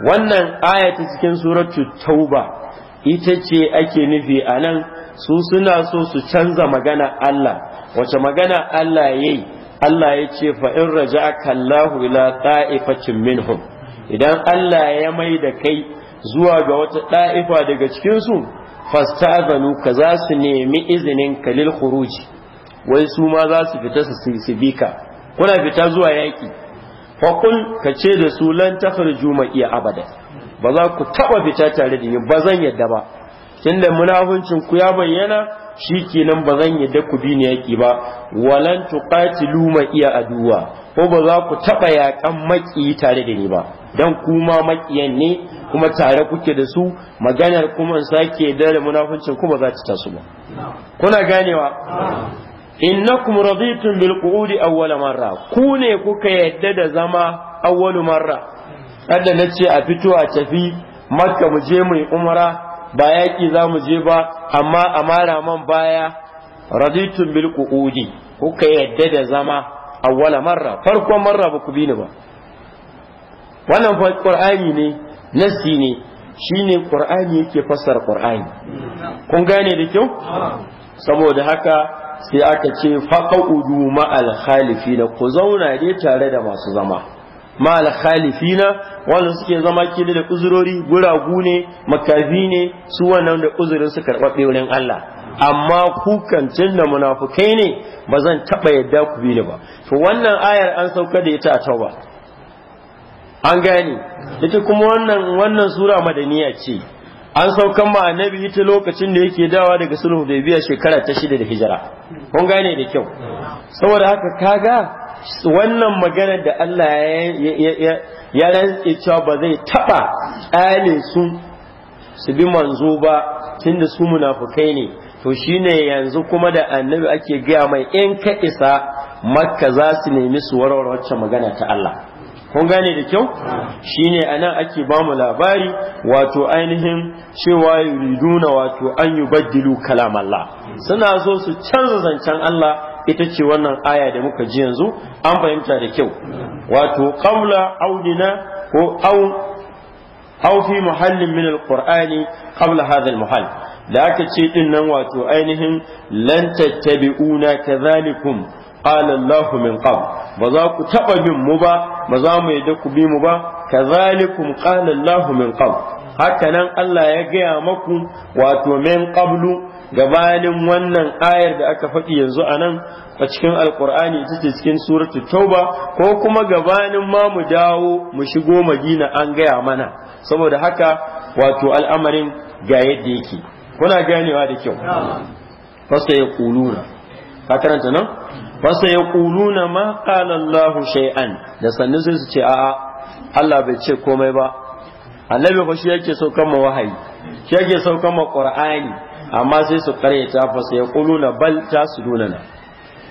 wannan aya cikin suratu tauba ita ce ake nufi a nan su suna so su canza magana Allah wace magana Allah ya yi Allah ya ce fa'in raja kallahu ila ta'ifatin minhum idan Allah ya mai da kai zuwa ga wata ɗa'ifa daga cikinsu fastazanu ka za su nemi izinin kalil khuruji wai su ma za su fita su bi kuna fita zuwa yaƙi faƙul ka ce da su lan tafarju ma iya abada ba za ku taɓa fita tare da ni ba zan yadda ba tunda munafuncin ku ya bayyana shi kenan ba zan yadda ku bi ni yaƙi ba walan tuqatilu ma iya aduwa ko ba za ku taɓa yaƙan maƙiyi tare da ni ba dan kuma maƙiyan ne kuma tare kuke da su maganar kuma sake da munafuncin ba za ta tasu ba kuna ganewa innakum raditum bil qu'udi awwal marra ku ne kuka yadda da zama awwal marra kada na ce a fito a tafi makka mu je mu umra ba yaki za mu je ba amma amara man baya raditum bil qu'udi kuka yadda da zama awwal marra farkon marra ba ku bi ni ba wannan fa qur'ani ne nasi ne shine qur'ani yake fassara qur'ani kun gane da kyau saboda haka sai aka ce ma ma'al khalifina ku zauna dai tare da masu zama ma'al na wanda suke zama kili da uzurori guragu ne makafi ne su wannan da uzurin su karɓa wurin Allah amma kukan kancin da munafukai ne ba zan taɓa yadda ku bi ni ba to wannan ayar an sauka da ita a ba. an gane ita kuma wannan wannan sura madaniya ce an saukan ma annabi ta lokacin da yake dawa daga sulhu da biya shekara ta shida da hijira kun gane da kyau saboda haka kaga wannan maganar da Allah ya rantse cewa ba zai taba tsale su su bi manzo ba tunda su munafukai ne to shine yanzu kuma da annabi ake gaya mai in ka isa makka za su nemi su warware waccan magana ta Allah kun gane da kyau shine anan ake bamu labari wato ainihin cewa yuriduna wato an yubaddilu kalam Allah suna so su canza zancen Allah ita ce wannan aya da muka ji yanzu an fahimta da kyau wato qawla audina ko au au fi muhallin min alqur'ani qabla hadha almuhall da aka ce din nan wato ainihin lan tattabi'una kadhalikum qala min qabl ba za ku taba bin mu ba ba za mu yadda ku bi mu ba kazalikum qala min qabl haka nan Allah ya gaya maku wato min qablu gabanin wannan ayar da aka faɗi yanzu anan a cikin alkur'ani ita ce cikin suratul tauba ko kuma gabanin ma mu dawo mu shigo madina an gaya mana saboda haka wato al'amarin ga yadda yake kuna ganewa da kyau fasta ya ka karanta nan fasa ya ƙuluna ma ƙalallahu shay'an da sannu sai su ce a'a Allah bai ce komai ba annabi fa shi yake saukan ma wahayi shi yake saukan ma qur'ani amma sai su karyata fa sai ƙuluna bal ta su na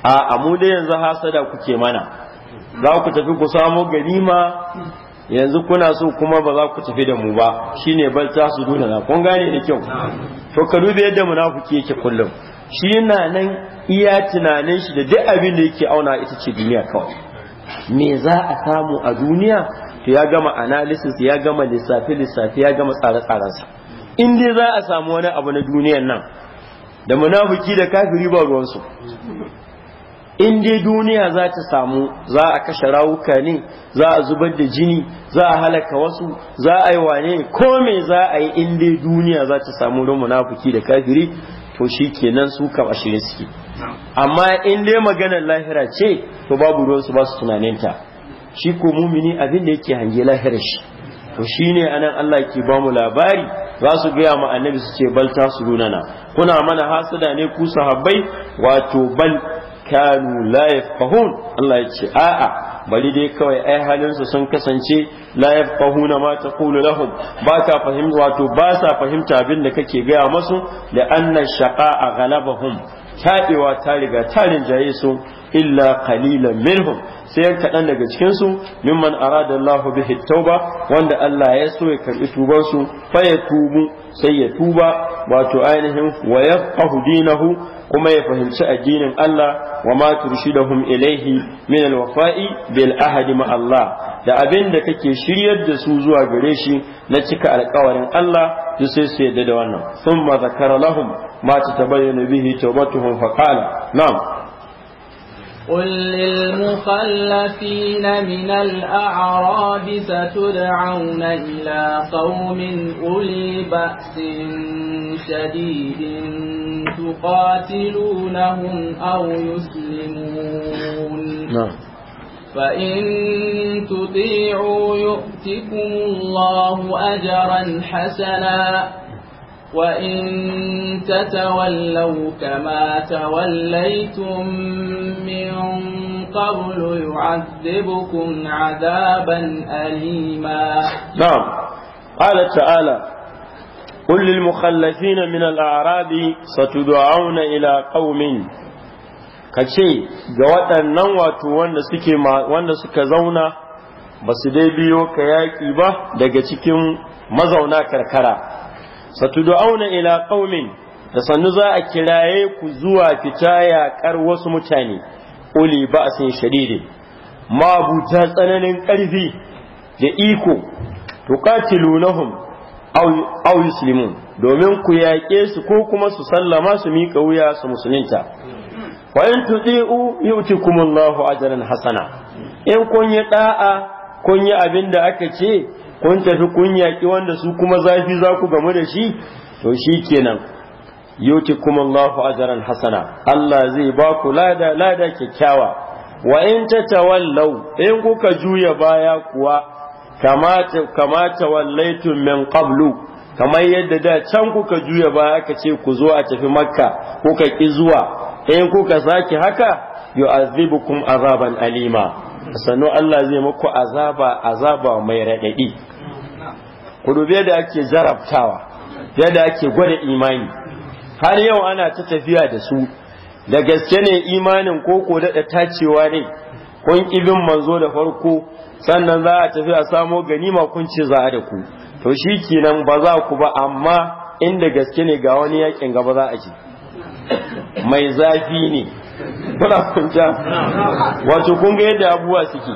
a mu dai yanzu hasada kuke mana za ku tafi ku samu ganima yanzu kuna so kuma ba za ku tafi da mu ba shine bal ta su dunana. na kun gane da kyau to ka dube yadda munafiki yake kullum shi yana nan iya tunanin shi da duk abin da yake auna ita ce duniya kawai me za a samu a duniya to ya gama analysis ya gama lissafi lissafi ya gama tsare-tsarensa in dai za a samu wani abu na duniyan nan da munafiki da kafiri ba ruwansu in dai duniya za ta samu za a kashe rawuka ne za a zubar da jini za a halaka wasu za a yi wane ko me za a yi in dai duniya za ta samu don munafiki da kafiri to shi kenan su kam ashirin suke amma in dai maganar lahira ce to babu ruwan su ba su tunaninta shi ko mumini abin da yake hange lahirar shi to shine anan Allah ke ba mu labari za su gaya mu annabi su ce bal na? kuna mana hasada ne ku sahabbai wato bal kanu la yafqahun Allah ya ce a'a bari dai kawai ai su sun kasance la yafqahuna ma taqulu lahum ba ka fahimta wato ba sa fahimta abin da kake gaya masu da anna shaqa'a ghalabahum taɗewa ta riga tarin jaye su illa qalilan minhum sai yan kaɗan daga cikin su mimman arada Allahu bihi tauba wanda Allah ya so ya karɓi tuban su fa ya tubu sai ya tuba wato ainihin wa yafqahu dinahu kuma ya fahimci addinin Allah wa ma turshidahum ilaihi min alwafa'i bil ahadi ma Allah da abin da kake shiryar da su zuwa gare shi na cika alkawarin Allah duk sai su yadda da wannan thumma zakara lahum ma tatabayyana bihi tawbatuhum faqala na'am قل للمخلفين من الأعراب ستدعون إلى قوم أولي بأس شديد تقاتلونهم أو يسلمون نعم فإن تطيعوا يؤتكم الله أجرا حسنا وإن تتولوا كما توليتم من قبل يعذبكم عذابا أليما نعم قال تعالى قل للمخلفين من الأعراب ستدعون إلى قوم kace ga waɗannan wato wanda suka zauna ba su dai biyo ka yaƙi ba daga cikin mazauna karkara satud'auna ila qaumin da sannu za a kiraye ku zuwa fita yaƙar wasu mutane uli ba'sin shadidin mabuta tsananin ƙarfi da iko tuqatilunahum aw yuslimun domin ku yaƙe su ko kuma su sallama su miƙa wuya su musulunta wa in tuti'u yu'tikumullahu ajran hasana in kun yi da'a kun yi abin da aka ce kun tafi kun yaƙi wanda su kuma zafi za ku gamu da shi to shi kenan yuti kuma Allahu ajaran hasana Allah zai ba ku lada lada kyakkyawa wa in tatawallau in kuka juya baya kuwa kamata kamata wallaitum min qablu kamar yadda da can kuka juya baya aka ce ku zo a tafi makka kuka ki zuwa in kuka saki haka yu'azzibukum azaban alima sannu Allah zai muku azaba azaba mai raɗaɗi ku da ake jarabtawa yadda ake gwada imani har yau ana ta tafiya da su da gaske ne imanin koko daɗa tacewa ne kun bin manzo da farko sannan za a tafi a samo ganima kun ce za a da ku to shi kenan ba za ku ba amma inda gaske ne ga wani yakin gaba za a ji mai zafi ne kuna kunta wato kun ga yadda abubuwa suke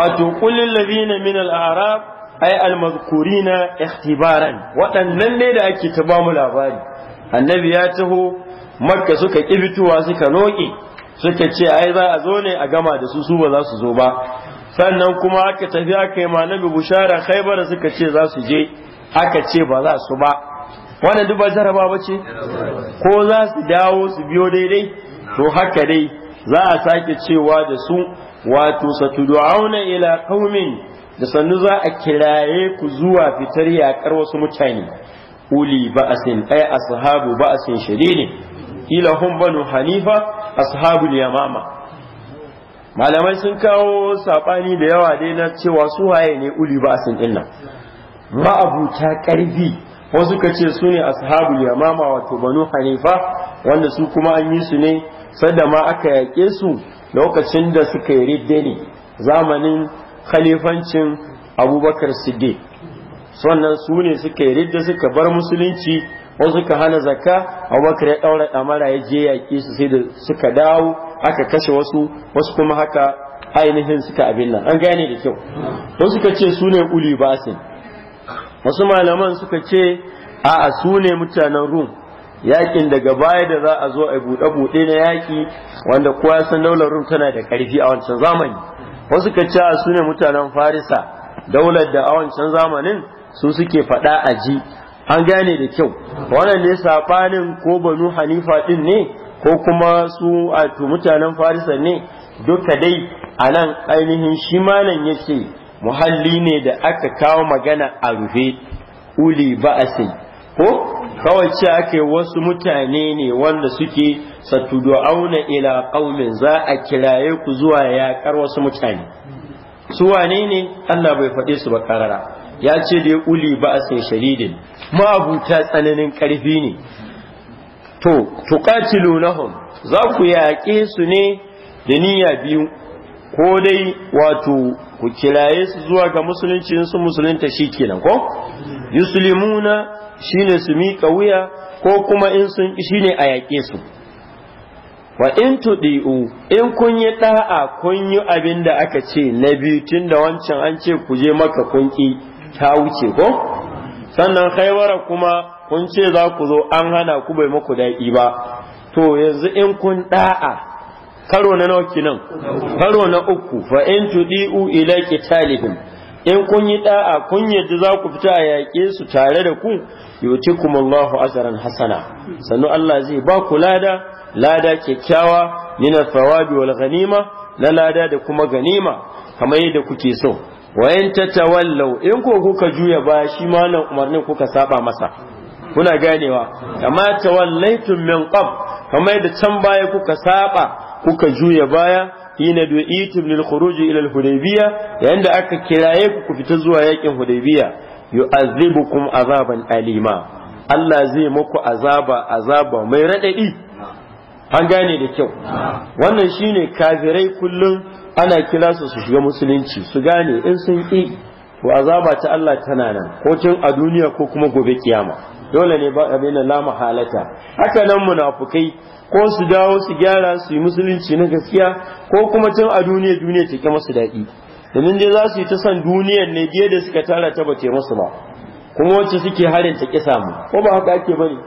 wato kullin ladina min al-arab ay al-mazkurina ikhtibaran waɗannan ne da ake ta bamu labari annabi ya taho makka suka kibituwa suka noke suka ce ai za a zo ne a gama da su su ba za su zo ba sannan kuma aka tafi aka yi manabi bushara khaibar suka ce za su je aka ce ba za su ba wannan duk ba jaraba ba ce ko za su dawo su biyo daidai to haka dai za a sake cewa da su wato satud'auna ila qaumin da sannu za a kiraye ku zuwa fitar yaƙar wasu mutane uli ba'asin ay ashabu ba'asin shadidin ila hum banu hanifa ashabul yamama malamai sun kawo sabani da yawa dai na cewa su waye ne uli ba'asin din nan ma'abuta karfi wasu ka ce su ne ashabul yamama wato banu hanifa wanda su kuma an yi su ne sadda ma aka yaƙe su lokacin da suka yi ne zamanin khalifancin abubakar Sidi. sannan su ne suka yi ridda suka bar musulunci wasu suka hana zakka abubakar ya ɗaura ɗamara ya je yaƙe su sai da suka dawo aka kashe wasu wasu kuma haka ainihin suka abin nan an gane da kyau wasu suka ce su ne uli basin wasu malaman suka ce a'a su ne mutanen rum yakin daga baya da za a zo a buɗe buɗe na yaki wanda kowa san daular rum tana da ƙarfi a wancan zamani wasu ka ce su ne mutanen farisa daular da a wancan zamanin su suke faɗa a ji an gane da kyau wannan ne sabanin ko banu hanifa ɗin ne ko kuma su a mutanen farisa ne duka dai a nan ainihin shi malam yake muhalli ne da aka kawo magana a rufe uli sai ko kawai ce ake wasu mutane ne wanda suke satudu'auna ila qaumin za a kiraye ku zuwa yaƙar wasu mutane su wane ne Allah bai faɗe su ba karara ya ce da ya uli ba a sai sharidin ma'abuta tsananin ƙarfi ne to tuqatilunahum za ku yaƙe su ne da niyya biyu ko dai wato ku kiraye su zuwa ga musulunci su musulunta kenan ko yuslimuna shine su miƙa wuya ko kuma in sun shine a yaƙe su wa in tudi'u in kun yi da'a kun yi abin da aka ce na biyu tun wancan an ce ku je maka kun ta wuce ko sannan khaiwara kuma kun ce za ku zo an hana ku bai muku daɗi ba to yanzu in kun da'a karo na nawa karo na uku fa in tudi'u ila qitalihim in kun yi da'a kun yadda za ku fita a yaƙe su tare da ku kuma yutikumullahu azran hasana sannu Allah zai ba ku lada lada kyakkyawa min thawabi wal ghanima na lada da kuma ganima kamar yadda kuke so wa in tatawallau in ko kuka juya ba shi ma nan umarnin kuka saba masa kuna ganewa kama tawallaitum min qab kamar da can baya kuka saba kuka juya baya hina du'itum lil khuruj ila al hudaybiyah yayin da aka kiraye ku ku fita zuwa yakin hudaybiyah yu'azzibukum azaban alima Allah zai muku azaba azaba mai radadi an gane da kyau wannan shine kafirai kullum ana kira su su shiga musulunci su gane in sun ki to azaba ta Allah tana nan ko tun a duniya ko kuma gobe kiyama dole ne ba abin la mahalata haka nan munafukai ko su dawo su gyara su yi musulunci na gaskiya ko kuma tun a duniya duniya take masu daɗi domin dai za su yi ta san duniyar ne biye da suka tara ta bace masu ba kuma wacce suke harin ta kisa mu ko ba haka ake bane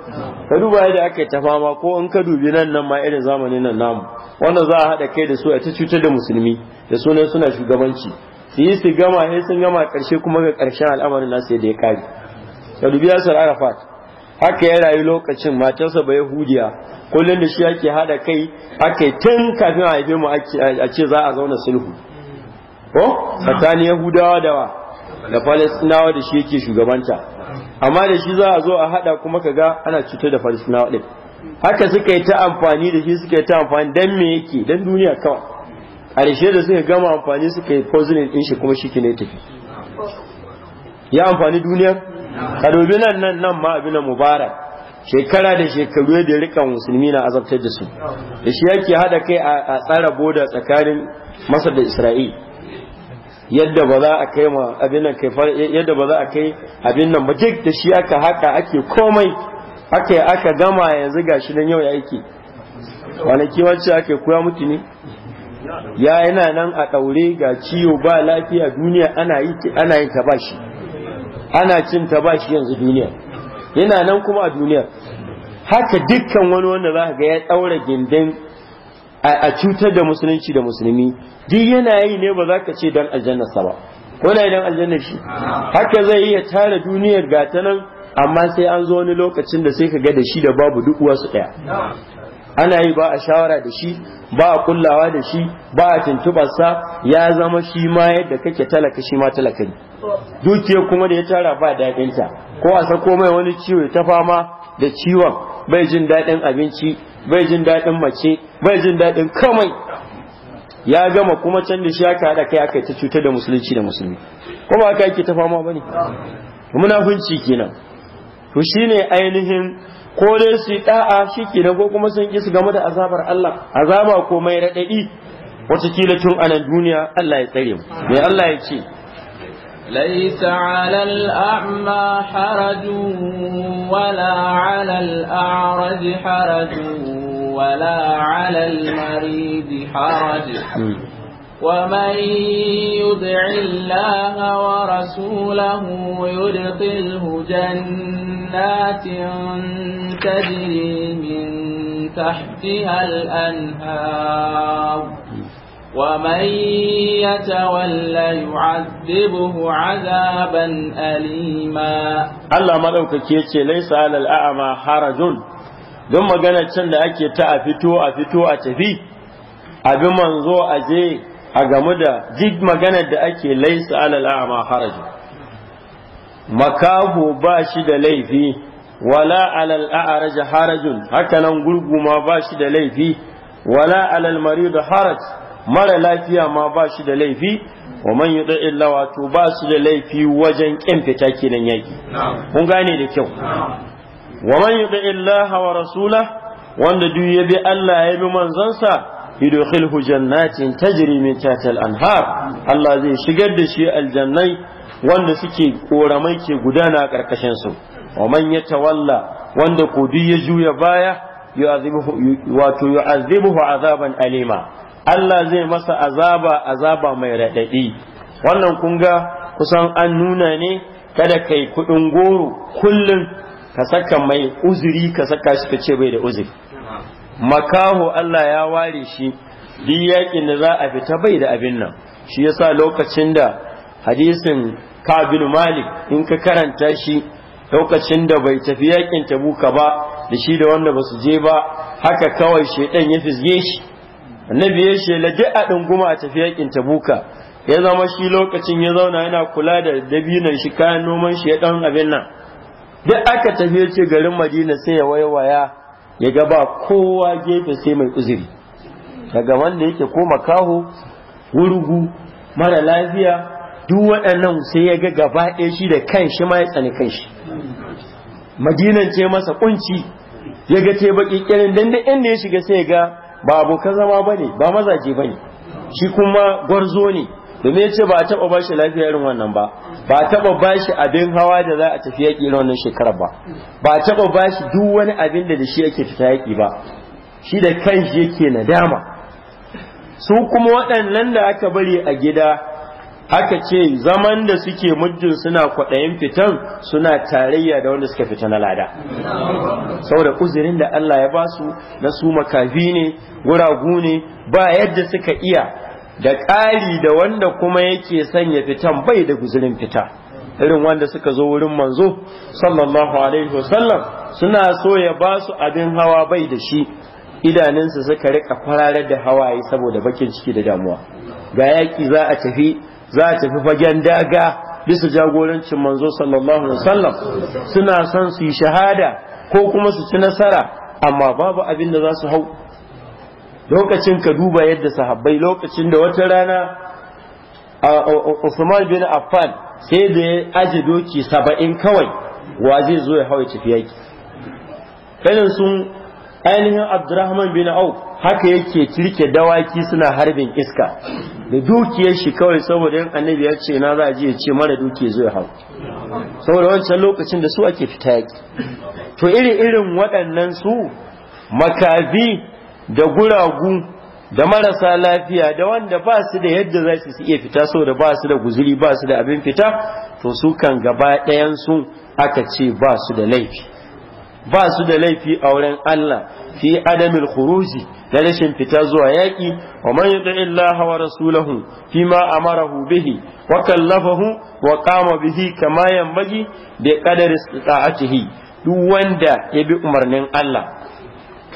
ka duba yadda aka ta fama ko in ka dubi nan nan ma irin zamanin nan namu wanda za a haɗa kai da su a ta cutar da musulmi da sunan suna shugabanci su yi su gama sai sun gama ƙarshe kuma ga ƙarshen al'amarin nasu yadda ya kare ka dubi yasir arafat haka ya rayu lokacin matarsa ba yahudiya kullum da shi ake hada kai yi tun kafin a haife mu a ce za a zauna sulhu ko tsakanin yahudawa da da falastinawa da shi yake shugabanta amma da shi za a zo a hada kuma kaga ana cutar da falastinawa ɗin haka suka yi ta amfani da shi suka yi ta amfani dan me yake dan duniya kawai ƙarshe da suka gama amfani suka yi poisoning din shi kuma shi ne tafi ya amfani duniyar ka dubi nan nan nan ma abin mubarak shekara da shekaru ya rika musulmi na azabtar da su da shi yake hada kai a tsara boda tsakanin masar da isra'il yadda ba za a kai ma abin nan kai yadda ba za a kai abin nan ba duk da shi aka haka ake komai aka aka gama yanzu gashi nan yau ya aiki kwanaki wacce ake koya mutu ne ya yana nan a ɗaure ga ciwo ba lafiya duniya ana yi ana yin ta bashi ana cin ta ba shi yanzu duniya yana nan kuma a duniya haka dukkan wani wanda za ga ya ɗaura gindin a cutar da musulunci da musulmi duk yana yi ne ba za ka ce dan aljannarsa ba ko na idan aljannar shi haka zai iya tara duniyar gata nan amma sai an zo wani lokacin da sai ka ga da shi da babu duk wasu ɗaya ana yi ba a shawara da shi ba a kullawa da shi ba a tuntubarsa ya zama shi ma yadda kake talaka shi ma talaka ne dukiyar kuma da ya tara ba daɗinta ko a sako mai wani ciwo ta fama da ciwon bai jin daɗin abinci bai jin daɗin mace bai jin daɗin kamai ya gama kuma can da shi aka haɗa kai aka ta cutar da musulunci da musulmi kuma aka yake ta fama ne. munafunci kenan to shine ainihin ko dai su yi da'a shi kenan ko kuma sun ƙi su game da azabar Allah azaba ko mai raɗaɗi kila tun anan duniya Allah ya tsare mai Allah ya ce ليس على الأعمى حرج ولا على الأعرج حرج ولا على المريض حرج ومن يدع الله ورسوله يدخله جنات تجري من تحتها الأنهار ومن يتولى يعذبه عذابا أليما الله ملوك كيتي ليس على الأعمى حرج don maganar can da ake ta a fito a fito a tafi abin manzo a je a game da duk maganar da ake laisa alal a'ma haraji makaho ba shi da laifi wala alal a'raji harajun hakanan gurgu ma ba shi da laifi wala alal marid haraj mara lafiya ma ba shi da laifi wa man yuda illa wato ba su da laifi wajen kin fita kenan yaki kun gane da kyau wa man yuda illa wa rasula wanda duk ya bi Allah ya bi manzansa yudkhilhu jannatin tajri min tahtiha al-anhar Allah zai shigar da shi aljannai wanda suke koramai ke gudana a karkashin su wa man yatawalla wanda kudi ya juya baya wato yu'azibuhu azaban alima Allah zai masa azaba azaba mai radadi wannan kun ga kusan an nuna ne kada kai kudin goro kullum ka saka mai uzuri ka saka shi ka ce bai da uzuri makaho Allah ya ware shi duk yakin da za a fita bai da abin nan shi yasa lokacin da hadisin kabin malik in ka karanta shi lokacin da bai tafi yakin tabuka ba da shi da wanda ba su je ba haka kawai shaidan ya fizge shi annabi ya shela laje a ɗunguma a tafi yakin tabuka ya zama shi lokacin ya zauna yana kula da dabinan shi kayan noman shi ya ɗan abin nan duk aka tafi ce garin madina sai ya waiwaya ya ga ba kowa gefe sai mai uzuri daga wanda yake ko makaho wurugu mara lafiya duk waɗannan sai ya ga gaba ɗaya shi da kan shi ma ya tsani kan shi madinan ce masa kunci ya ga ce baki kirin dan da inda ya shiga sai ya ga ba abokan zama bane ba mazaje bane shi kuma gwarzo ne domin ya ce ba a taba ba shi lafiya irin wannan ba ba a taba ba shi abin hawa da za a tafi yaƙi irin wannan shekarar ba ba a taba ba shi duk wani abin da da shi yake fita yaƙi ba shi da kan shi yake nadama su kuma waɗannan da aka bari a gida aka ce zaman da suke muddin suna kwaɗayin fitan suna tarayya da wanda suka fita na lada saboda uzurin da Allah ya basu na su makafi ne guragu ne ba yadda suka iya da ƙari da wanda kuma yake sanya fitan bai da guzurin fita irin wanda suka zo wurin manzo sallallahu alaihi wasallam suna so ya ba su abin hawa bai da shi idaninsa suka rika kwararar da hawaye saboda bakin ciki da damuwa ga yaƙi za a tafi za a tafi fagen daga bisa jagorancin manzo sallallahu alaihi wasallam suna son su yi shahada ko kuma su ci nasara amma babu abin da za su hau lokacin ka duba yadda sahabbai lokacin da wata rana Usman bin Affan sai da ya aje doki saba'in kawai wa zai zo ya hawa tafi yaki irin sun ainihin Abdurrahman bin Auf haka yake tirke dawaki suna harbin iska da dukiyar shi kawai saboda yan annabi ya ce na za a je ya ce mara duki zo ya hau saboda wancan lokacin da su ake fita yaki to iri irin waɗannan su makazi. da guragu da marasa lafiya da wanda ba su da yadda za su iya fita saboda ba su da guzuri ba su da abin fita to su kan gaba ɗayansu aka ce ba su da laifi ba su da laifi a wurin Allah fi adamil khuruji da rashin fita zuwa yaƙi wa man yuti illaha wa rasulahu fi ma amarahu bihi wa kallafahu wa qama bihi kama yanbaghi bi qadari istita'atihi duk wanda ya bi umarnin Allah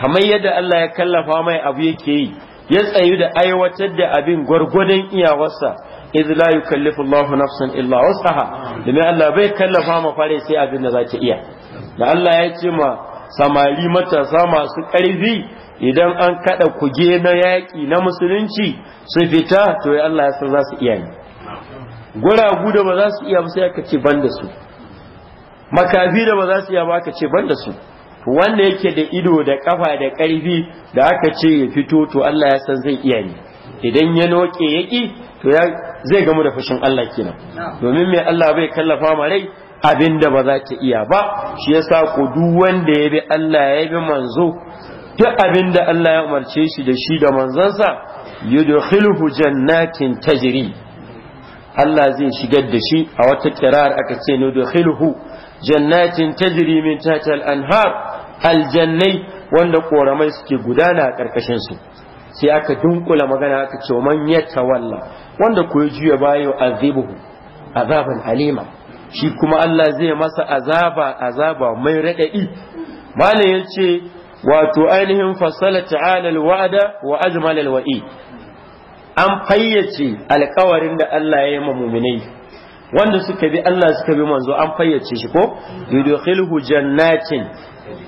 kamar yadda Allah ya kallafa mai abu yake yi ya tsayu da aiwatar da abin gwargwadon iyawarsa iz la yukallifu Allah nafsan illa wasaha domin Allah bai kallafa ma fare sai abin da za iya da Allah ya ce ma samari matasa masu ƙarfi idan an kada kuge na yaƙi na musulunci su fita to ya Allah ya san za su iya ni guragu da ba za su iya ba sai aka ce ban da su makafi da ba za su iya ba aka ce ban da su wanda yake da ido da kafa da ƙarfi da aka ce ya fito to Allah ya san zai iya ne idan ya noke yaƙi to ya zai gamu da fushin Allah kenan domin mai Allah bai kallafa ma rai abin da ba za ta iya ba shi yasa ku duk wanda ya bi Allah ya bi manzo duk abin da Allah ya umarce shi da shi da manzansa yudkhiluhu jannatin tajri Allah zai shigar da shi a wata kirar aka ce yudkhiluhu jannatin tajri min tahtiha anhar aljannai wanda koramai suke gudana a ƙarƙashin su sai aka dunkula magana aka ce man ya tawalla wanda koyi juya bayo azibuhu azaban alima shi kuma Allah zai masa azaba azaba mai raɗaɗi? malam yace wato ainihin fasala ta'ala alwa'da wa ajmal alwa'id an fayyace alƙawarin da Allah ya yi ma muminai wanda suka bi Allah suka bi manzo an fayyace shi ko yudkhilhu jannatin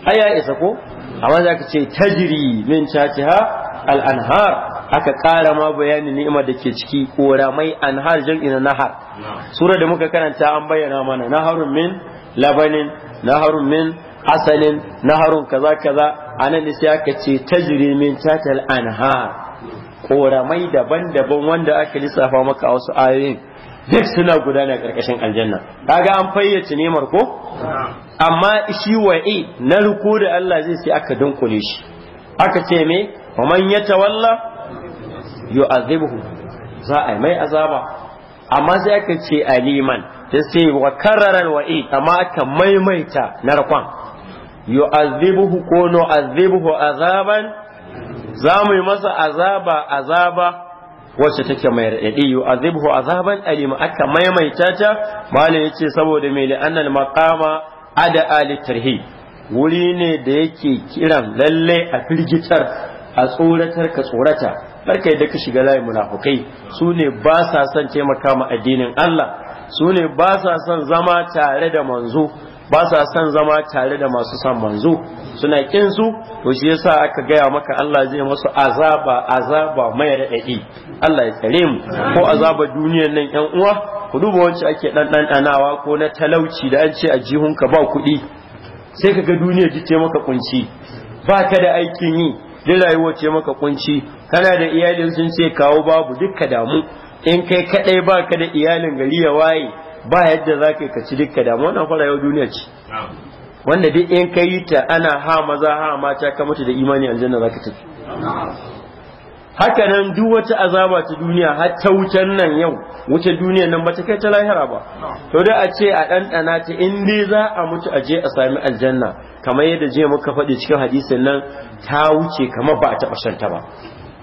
aya isa ko amma zaka ce tajri min tatiha al anhar aka ƙara ma bayani ni'imar da ke ciki ƙoramai anhar ina nahar sura da muka karanta an bayyana mana naharun min labanin naharun min asalin naharun kaza kaza anan sai aka ce tajri min tatal anhar ƙoramai daban-daban wanda aka lissafa maka wasu ayoyin duk suna gudana ƙarƙashin aljanna kaga an fayyace nemar ko amma shi wa'i na ruku da Allah zai sai aka dunkule shi aka ce me wa man yatawalla yu'adhibuhu za a mai azaba amma sai aka ce aliman sai wa kararar wa'i amma aka maimaita narkon yu'adhibuhu ko nu'adhibuhu azaban za mu yi masa azaba azaba wacce take mai raɗaɗi a azaban alima aka maimaita ta malam yace saboda mai la'anar maqama ada ali tarhi wuri ne da yake kiran lalle a firgitar a tsoratar ka tsorata barka da ka shiga layin munafukai su ne ba sa son taimaka ma addinin Allah su ne ba sa son zama tare da manzo ba sa son zama tare da masu son manzo suna kin su to shi yasa aka gaya maka Allah zai masu azaba azaba mai radadi Allah ya tsare mu ko azaba duniyar nan yan uwa ku duba wacce ake dan danawa ko na talauci da an ce a ka ba kuɗi sai ka ga duniyar ji ce maka kunci ba ka da aikin yi duk rayuwa ce maka kunci kana da iyalin sun ce kawo babu dukka damu in kai kaɗai ba ka da iyalin gari ya waye ba yadda za ka ci dukka damu wannan fara yau duniya ce wanda duk in ka yi ta ana ha maza ha mata ka mutu da imani aljanna za ka tafi haka duk wata azaba ta duniya har ta wutan nan yau wuce duniya nan ba ta kai ta lahira ba to da a ce a ɗanɗana ta in dai za a mutu a je a sami aljanna kamar yadda je muka faɗi cikin hadisin nan ta wuce kamar ba a taɓa shanta ba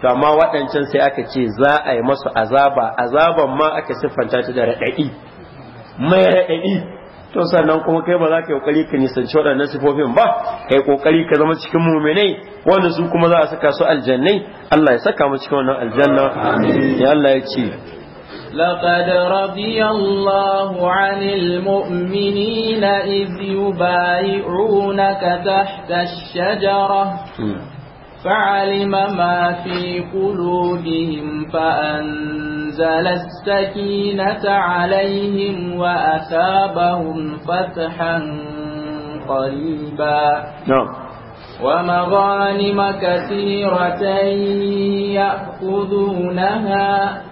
to amma waɗancan sai aka ce za a yi masu azaba azaban ma aka siffanta ta da raɗaɗi mai raɗaɗi to sannan kuma kai ba za ka yi kokari ka nisanci waɗannan sifofin ba ka yi kokari ka zama cikin muminai wanda su kuma za a saka su aljannai Allah ya saka mu cikin wannan aljanna ya Allah ya ce لقد رضي الله عن المؤمنين إذ يبايعونك تحت الشجرة فعلم ما في قلوبهم فأنزل السكينة عليهم وأثابهم فتحا قريبا نعم ومغانم كثيرة يأخذونها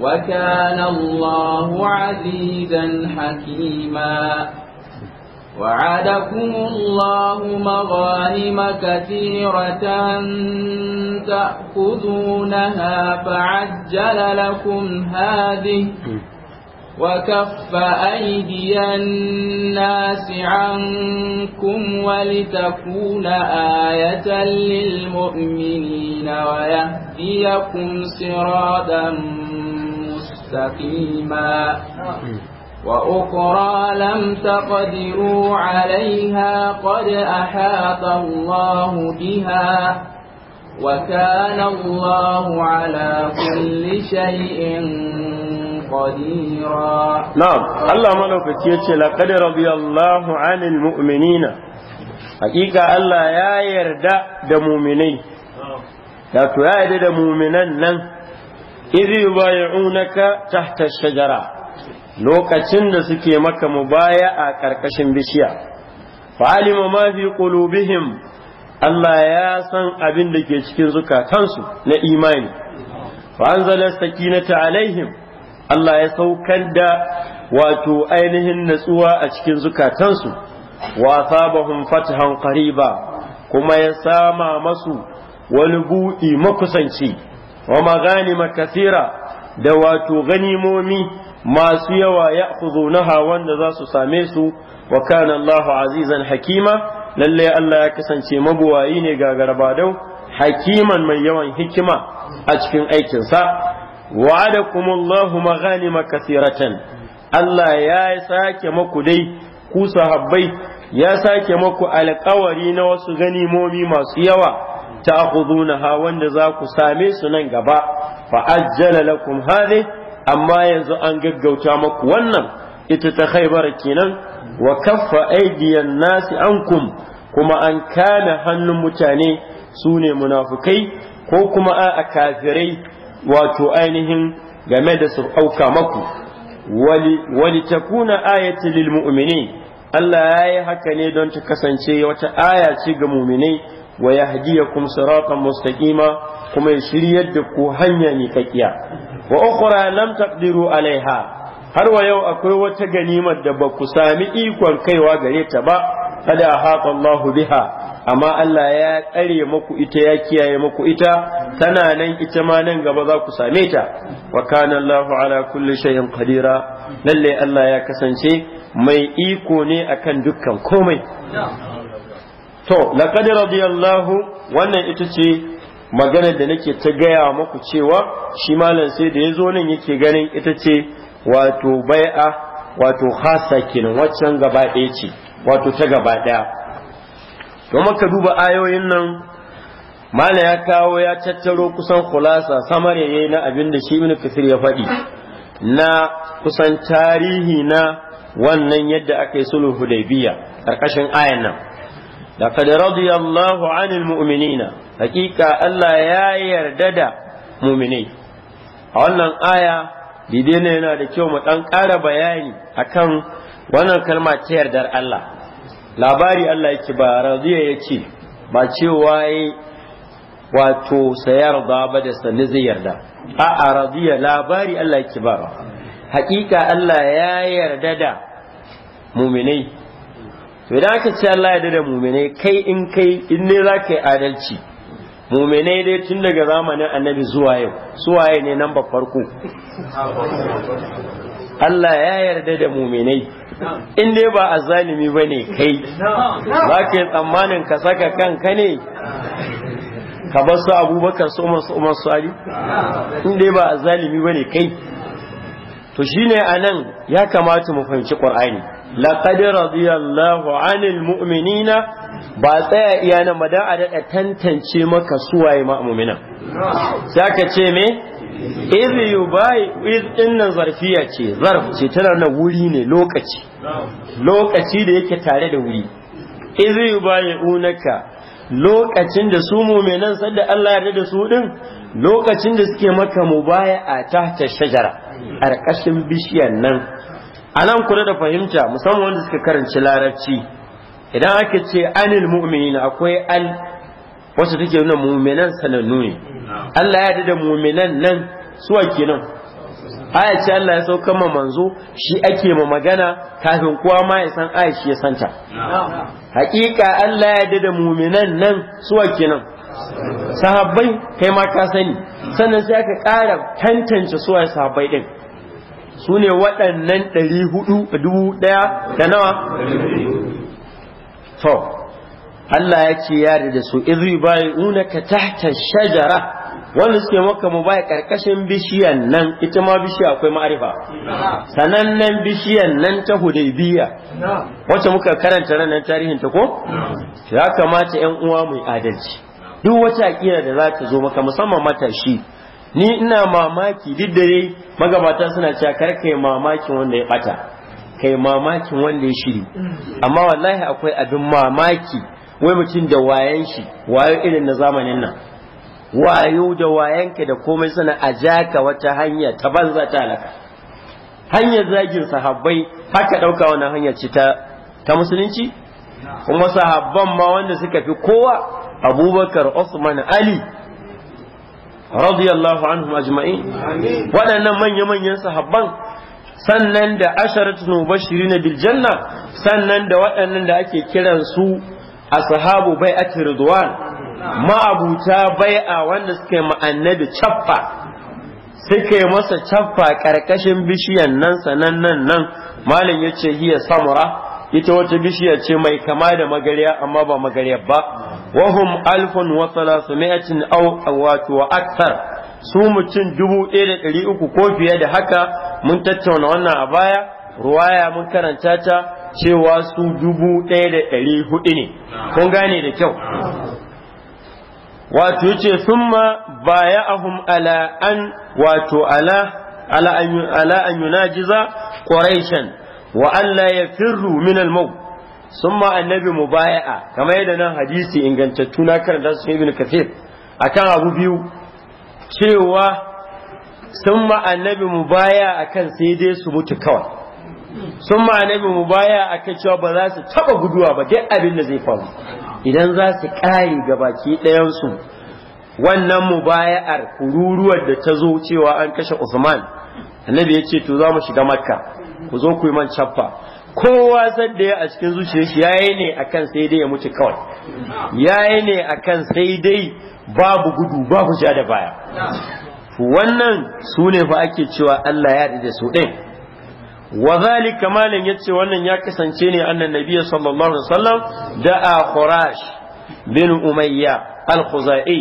وكان الله عزيزا حكيما وعدكم الله مغانم كثيرة تأخذونها فعجل لكم هذه وكف أيدي الناس عنكم ولتكون آية للمؤمنين ويهديكم صراطا مستقيما آه. وأخرى لم تقدروا عليها قد أحاط الله بها وكان الله على كل شيء قديرا نعم الله ملوك يتشي لقد رضي الله عن المؤمنين حقيقة الله يا يردى دمومنين لا يا يردى دمومنين إذ يبايعونك تحت الشجرة lokacin da suke maka mubaya a ƙarƙashin bishiya fa'alima ma fi qulubihim Allah ya san abin da ke cikin zukatansu na imani fa'anzala sakinata alaihim Allah ya saukar da wato ainihin natsuwa a cikin zukatansu wa asabahum fathan qariba kuma ya sama masu wani buɗi makusanci wa maganima kasira da wato ganimomi masu yawa ya hawan wanda za su same su wa kana Allahu azizan hakima lalle Allah ya kasance mabuwayi ne ga garbadau hakiman mai yawan hikima a cikin aikinsa wa'adakum Allahu maghanima kasiratan Allah ya sake maku dai ku sahabbai ya sake maku alƙawari na wasu ganimomi masu yawa ta hawan wanda za ku same su nan gaba fa ajjala lakum hadhihi amma yanzu an gaggauta maku wannan ita ta khaibar kenan wa kaffa aidiyan nasi ankum kuma an kana hannun mutane su ne munafukai ko kuma a kafirai wato ainihin game da su auka maku wali takuna ayatin lil mu'mini Allah ya yi haka ne don ta kasance wata aya ce ga muminai wa yahdiyakum siratan mustaqima kuma ya shiryar da ku hanya kakiya wa ukhra lam taqdiru alaiha har wa yau akwai wata ganimar da ba ku sami ikon kaiwa gare ta ba kada haqa Allah biha amma Allah ya tsare muku ita ya kiyaye muku ita tana nan ita ma nan gaba za ku same ta wa kana Allahu ala kulli shay'in qadira lalle Allah ya kasance mai iko ne akan dukkan komai to laqad radiyallahu wannan ita ce maganar da nake ta gaya muku cewa shi malam sai da ya zo nan yake ganin ita ce wato bai'a wato khasa kenan waccan gaba ɗaya ce wato ta gaba ɗaya to maka duba ayoyin nan malam ya kawo ya tattaro kusan khulasa samare yayi na abin da shi ibn kasir ya faɗi na kusan tarihi na wannan yadda aka yi sulhu hudaybiya karkashin ayan nan laqad radiyallahu anil mu'minina hakika Allah ya yarda da muminai a wannan aya ne yana da kyau mu dan ƙara bayani akan wannan kalma ta yardar Allah labari Allah yake ba ya yake ba cewa wato sayarda ba da sani zai yarda a'a raziya labari Allah yake ba hakika Allah ya yarda da muminai to idan aka ce Allah ya yarda da muminai kai in kai in ne za ka yi adalci muminai dai tun daga zamanin annabi zuwa yau suwaye ne nan farko Allah ya yarda da muminai in dai ba a zalimi ba kai ba ka tsammanin ka saka kanka ne ka ba su abubakar su umar su umar su ali in dai ba a zalimi ba ne kai to shine anan ya kamata mu fahimci ƙwar'ani laqad radiyallahu anil mu'minina ba tsaya iya nan ba dan a daɗa tantance maka suwaye ma'mumina sai ka ce me iz yubai iz dinnan zarfiya ce zarf ce tana na wuri ne lokaci lokaci da yake tare da wuri iz yubai unaka lokacin da su muminan sanda Allah ya da su din lokacin da suke maka mubaya'a ta ta shajara ƙarƙashin bishiyar nan a nan kula da fahimta musamman wanda suka karanci larabci idan aka ce anil mu'minin akwai al wasu take nuna mu'minan sanannu ne Allah ya da mu'minan nan suwa kenan aya ce Allah ya sauka ma manzo shi ake ma magana kafin kowa ma ya san aya shi ya santa hakika Allah ya da mu'minan nan suwa kenan sahabbai kai ma ka sani sannan sai aka ƙara tantance suwa sahabbai din su ne waɗannan ɗari hudu dubu ɗaya da nawa to Allah ya ce ya da su izu bayi ka tahta shajara wanda suke maka mu bai karkashin bishiyan nan ita ma bishiya akwai ma'arifa sanannen bishiyan nan ta hudaybiya wacce muka karanta ranar tarihin ta ko ya kamata yan uwa mu adalci duk wata akira da za ta zo maka musamman matashi ni ina mamaki duk da dai magabata suna cewa kar kai mamakin wanda ya bata kai mamakin wanda ya shiri amma wallahi akwai abin mamaki wai mutum da wayan shi wayo irin na zamanin nan wayo da wayanka da komai suna ajaka wata hanya ta banza ta alaka hanyar zagin sahabbai haka ɗauka wannan hanya ce ta ta musulunci kuma sahabban ma wanda suka fi kowa abubakar usman ali radiyallahu anhum ajma'in waɗannan manya-manyan sahabban sannan da asharatu mubashirin bil janna sannan da waɗannan da ake kiran su ashabu bai'at ridwan ma'abuta a wanda suka yi annabi chaffa suka masa chaffa karkashin bishiyan nan sanannan nan nan malam yace hiya samura ita wata bishiya ce mai kama da magarya amma ba magarya ba wahum alfun wa salasumi'atin aw wato wa akthar su mutum dubu ɗaya da ɗari uku ko fiye da haka mun tattauna wannan a baya ruwaya mun karanta ta cewa su dubu ɗaya da ɗari hudu ne kun gane da kyau wato yace summa baya'ahum ala an wato ala ala an yunajiza quraishan wa Allah ya firru min al-maut summa annabi mubaya'a kamar yadda nan hadisi ingantattu na karanta su ibn kafir akan abu biyu cewa summa annabi mubaya akan sai dai su mutu kawai summa annabi mubaya akan cewa ba za su taba guduwa ba duk abin da zai faru idan za su kare gabaki ɗayan su wannan mubaya'ar kururuwar da ta zo cewa an kashe Usman annabi ya ce to za mu shiga makka ku zo ku yi man caffa kowa sadda ya a cikin zuciyar shi yayi ne akan sai dai ya mutu kawai yayi ne akan sai dai babu gudu babu ja da baya wannan su ne fa ake cewa Allah ya da su ɗin wa zalika malin yace wannan ya kasance ne annan nabiyyi sallallahu alaihi wasallam da'a khurash bin umayya al-khuzai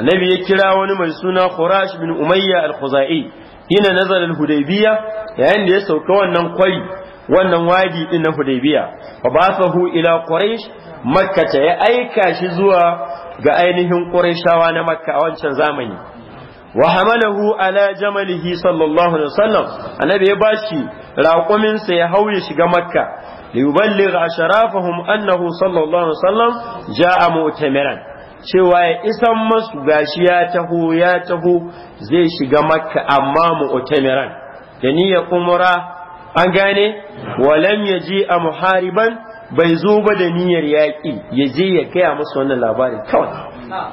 annabi ya kira wani mai suna khurash bin umayya al-khuzai hina nazalul hudaybiya yayin da ya sauka wannan kwari wannan wadi din na hudaybiya fa basahu ila quraish makka ta ya aika shi zuwa ga ainihin qurayshawa na makka a wancan zamani wa hamalahu ala jamalihi sallallahu alaihi wasallam annabi ya bashi raƙumin sa ya hauye shiga makka liyuballigha asharafahum annahu sallallahu alaihi wasallam ja'a mu'tamiran cewa ya isan masu gashi ya taho ya taho zai shiga makka amma mu mu'tamiran da niyya umra an gane walam yaji a muhariban bai zo ba da niyyar yaƙi ya je ya kaya musu wannan labari kawai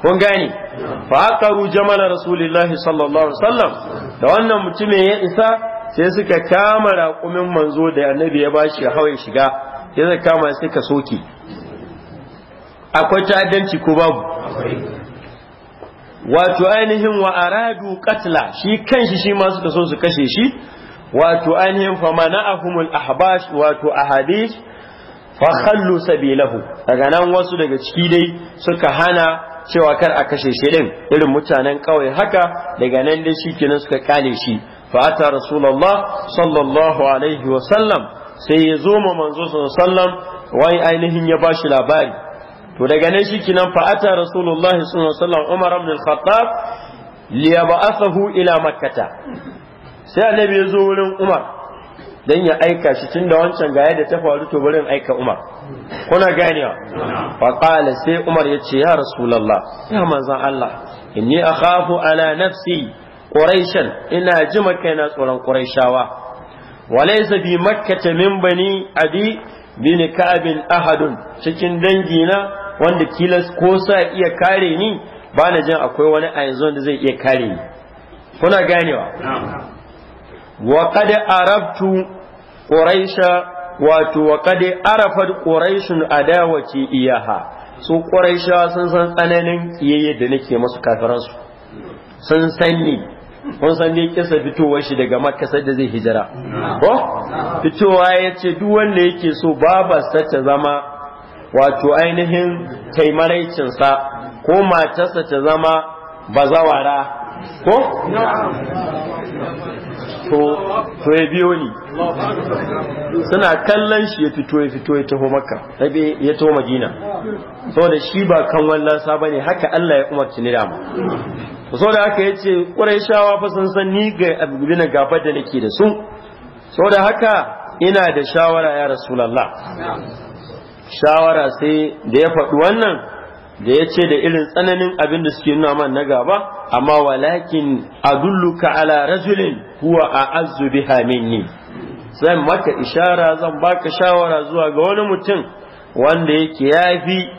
kun gane fa karu jamala rasulullahi sallallahu alaihi wasallam da wannan mutumin ya isa sai suka kama raƙumin manzo da annabi ya bashi hawaye shiga sai suka kama suka soke akwai ta'addanci ko babu wato ainihin wa aradu katla shi kanshi shi ma suka so su kashe shi wato ainihin fa ahumul ahbash wato ahadith fa khallu sabilahu daga nan wasu daga ciki dai suka hana cewa kar a kashe shi din irin mutanen kawai haka daga nan dai shikenan suka kale shi fa ata rasulullah sallallahu alaihi wa sallam sai ya zo ma manzo sallallahu alaihi wa sallam wai ainihin ya bashi labari to daga nan shikenan fa ata rasulullahi sallallahu alaihi wasallam umar ibn al-khattab liyab'athahu ila makkata sai annabi ya zo wurin umar dan ya aika shi tunda wancan ga yadda ta faru to bari in aika umar kuna ganewa fa qala sai umar ya ce ya rasulullah ya manzon Allah inni akhafu ala nafsi quraishan ina jima kaina tsoron quraishawa walaysa bi makkata min bani adi bin ka'bin ahadun cikin dangina wanda kilas ko sa iya kare ni ba na jin akwai wani a yanzu wanda zai iya kare ni kuna ganewa wa qad arabtu quraisha wato wa qad arafat quraishun adawati iyaha su quraisha sun san tsananin kiyayye da nake masu su. sun san ni kun san ne kisa fitowar shi daga makasar da zai hijira ko fitowa ya ce duk wanda yake so babasta ta zama wato ainihin taimaraicinsa ko matarsa ta zama bazawara ko? to ya biyo ni suna kallon shi ya fito ya fito ya taho maka rabe ya taho madina saboda shi ba kan wallan sa bane haka Allah ya umarci ni dama saboda haka yace Quraishawa fa sun san ni ga abubuwan gabar da nake da su saboda haka ina da shawara ya Rasulullah shawara sai da ya faɗi wannan da ya ce da irin tsananin abin da suke nuna man na gaba amma walakin adulluka ala rajulin huwa a azu biha minni zan maka ishara zan baka shawara zuwa ga wani mutum wanda yake yafi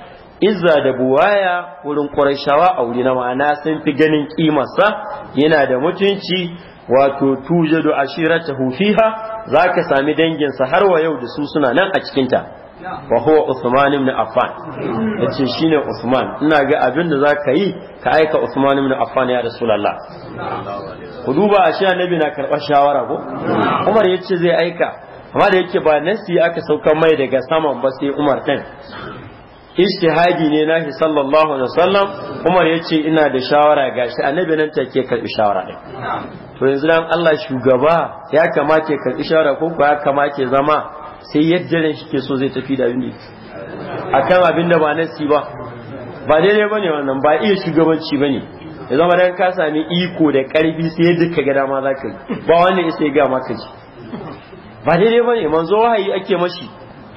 izza da buwaya wurin ƙurashawa a wuri na ma'ana sun fi ganin ƙimarsa yana da mutunci wato tujadu hufiha, fiha zaka sami danginsa har wa yau da su suna nan a cikinta wa huwa Usman ibn Affan yace shine Usman ina ga abin da zaka yi ka aika Usman ibn Affan ya Rasulullah ku duba ashe annabi na karɓar shawara ko Umar yace zai aika amma da yake ba nasi aka sauka mai daga saman ba sai Umar kan ishtihadi ne nahi sallallahu alaihi wasallam Umar yace ina da shawara gashi annabi nan take karɓi shawara din to yanzu dan Allah shugaba ya kamata ya karɓi shawara ko ka ya kamata ya zama sai yadda ran shi ke so zai tafi da abin A kan abin da ba nasi ba ba daidai ba ne wannan ba iya shugabanci ba ne ya zama dan ka sami iko da karfi sai yadda ka ga dama za ka yi ba wannan isa ya gama ka ji ba daidai ba ne manzo wahayi ake mashi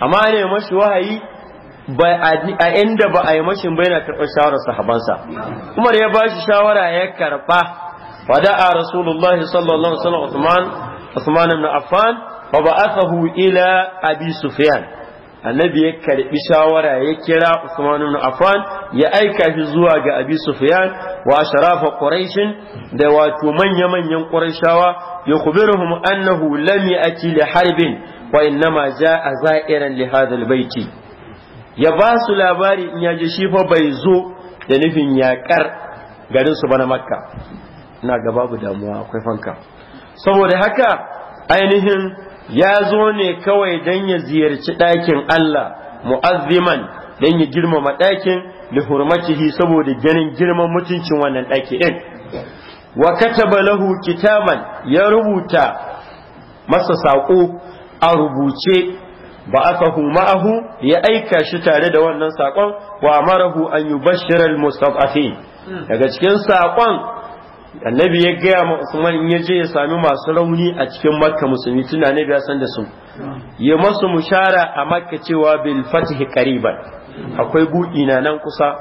amma ana yi mashi wahayi a inda ba a yi mashi bai na karɓar shawarar sahabansa umar ya ba shi shawara ya karɓa a rasulullahi sallallahu alaihi wasallam Usman Usman ibn Affan fa ba'athahu ila abi sufyan annabi ya karbi shawara ya kira usman ibn affan ya aika shi zuwa ga abi sufyan wa ashrafa quraish da wato manya manyan ya yukhbiruhum annahu lam ya'ti li harbin wa innama jaa za'iran li hadha ya ba su labari in yaje shi fa bai zo da nufin yakar garin su bana makka ina ga babu damuwa akwai fanka saboda haka ainihin ya zo ne kawai don ya ziyarci ɗakin Allah mu'azziman don ya girmama ɗakin da saboda ganin girman mutuncin wannan ɗaki ɗin wa kataba lahu kitaban ya rubuta masa saƙo a rubuce ba aka ma'ahu ya aika shi tare da wannan saƙon wa marahu an bashirar al hmm. daga cikin saƙon annabi ya gaya ma Usman in yaje ya sami masu rauni a cikin makka musulmi tun annabi ya san da su ya masu mushara a makka cewa bil fatih qariban akwai buɗi na nan kusa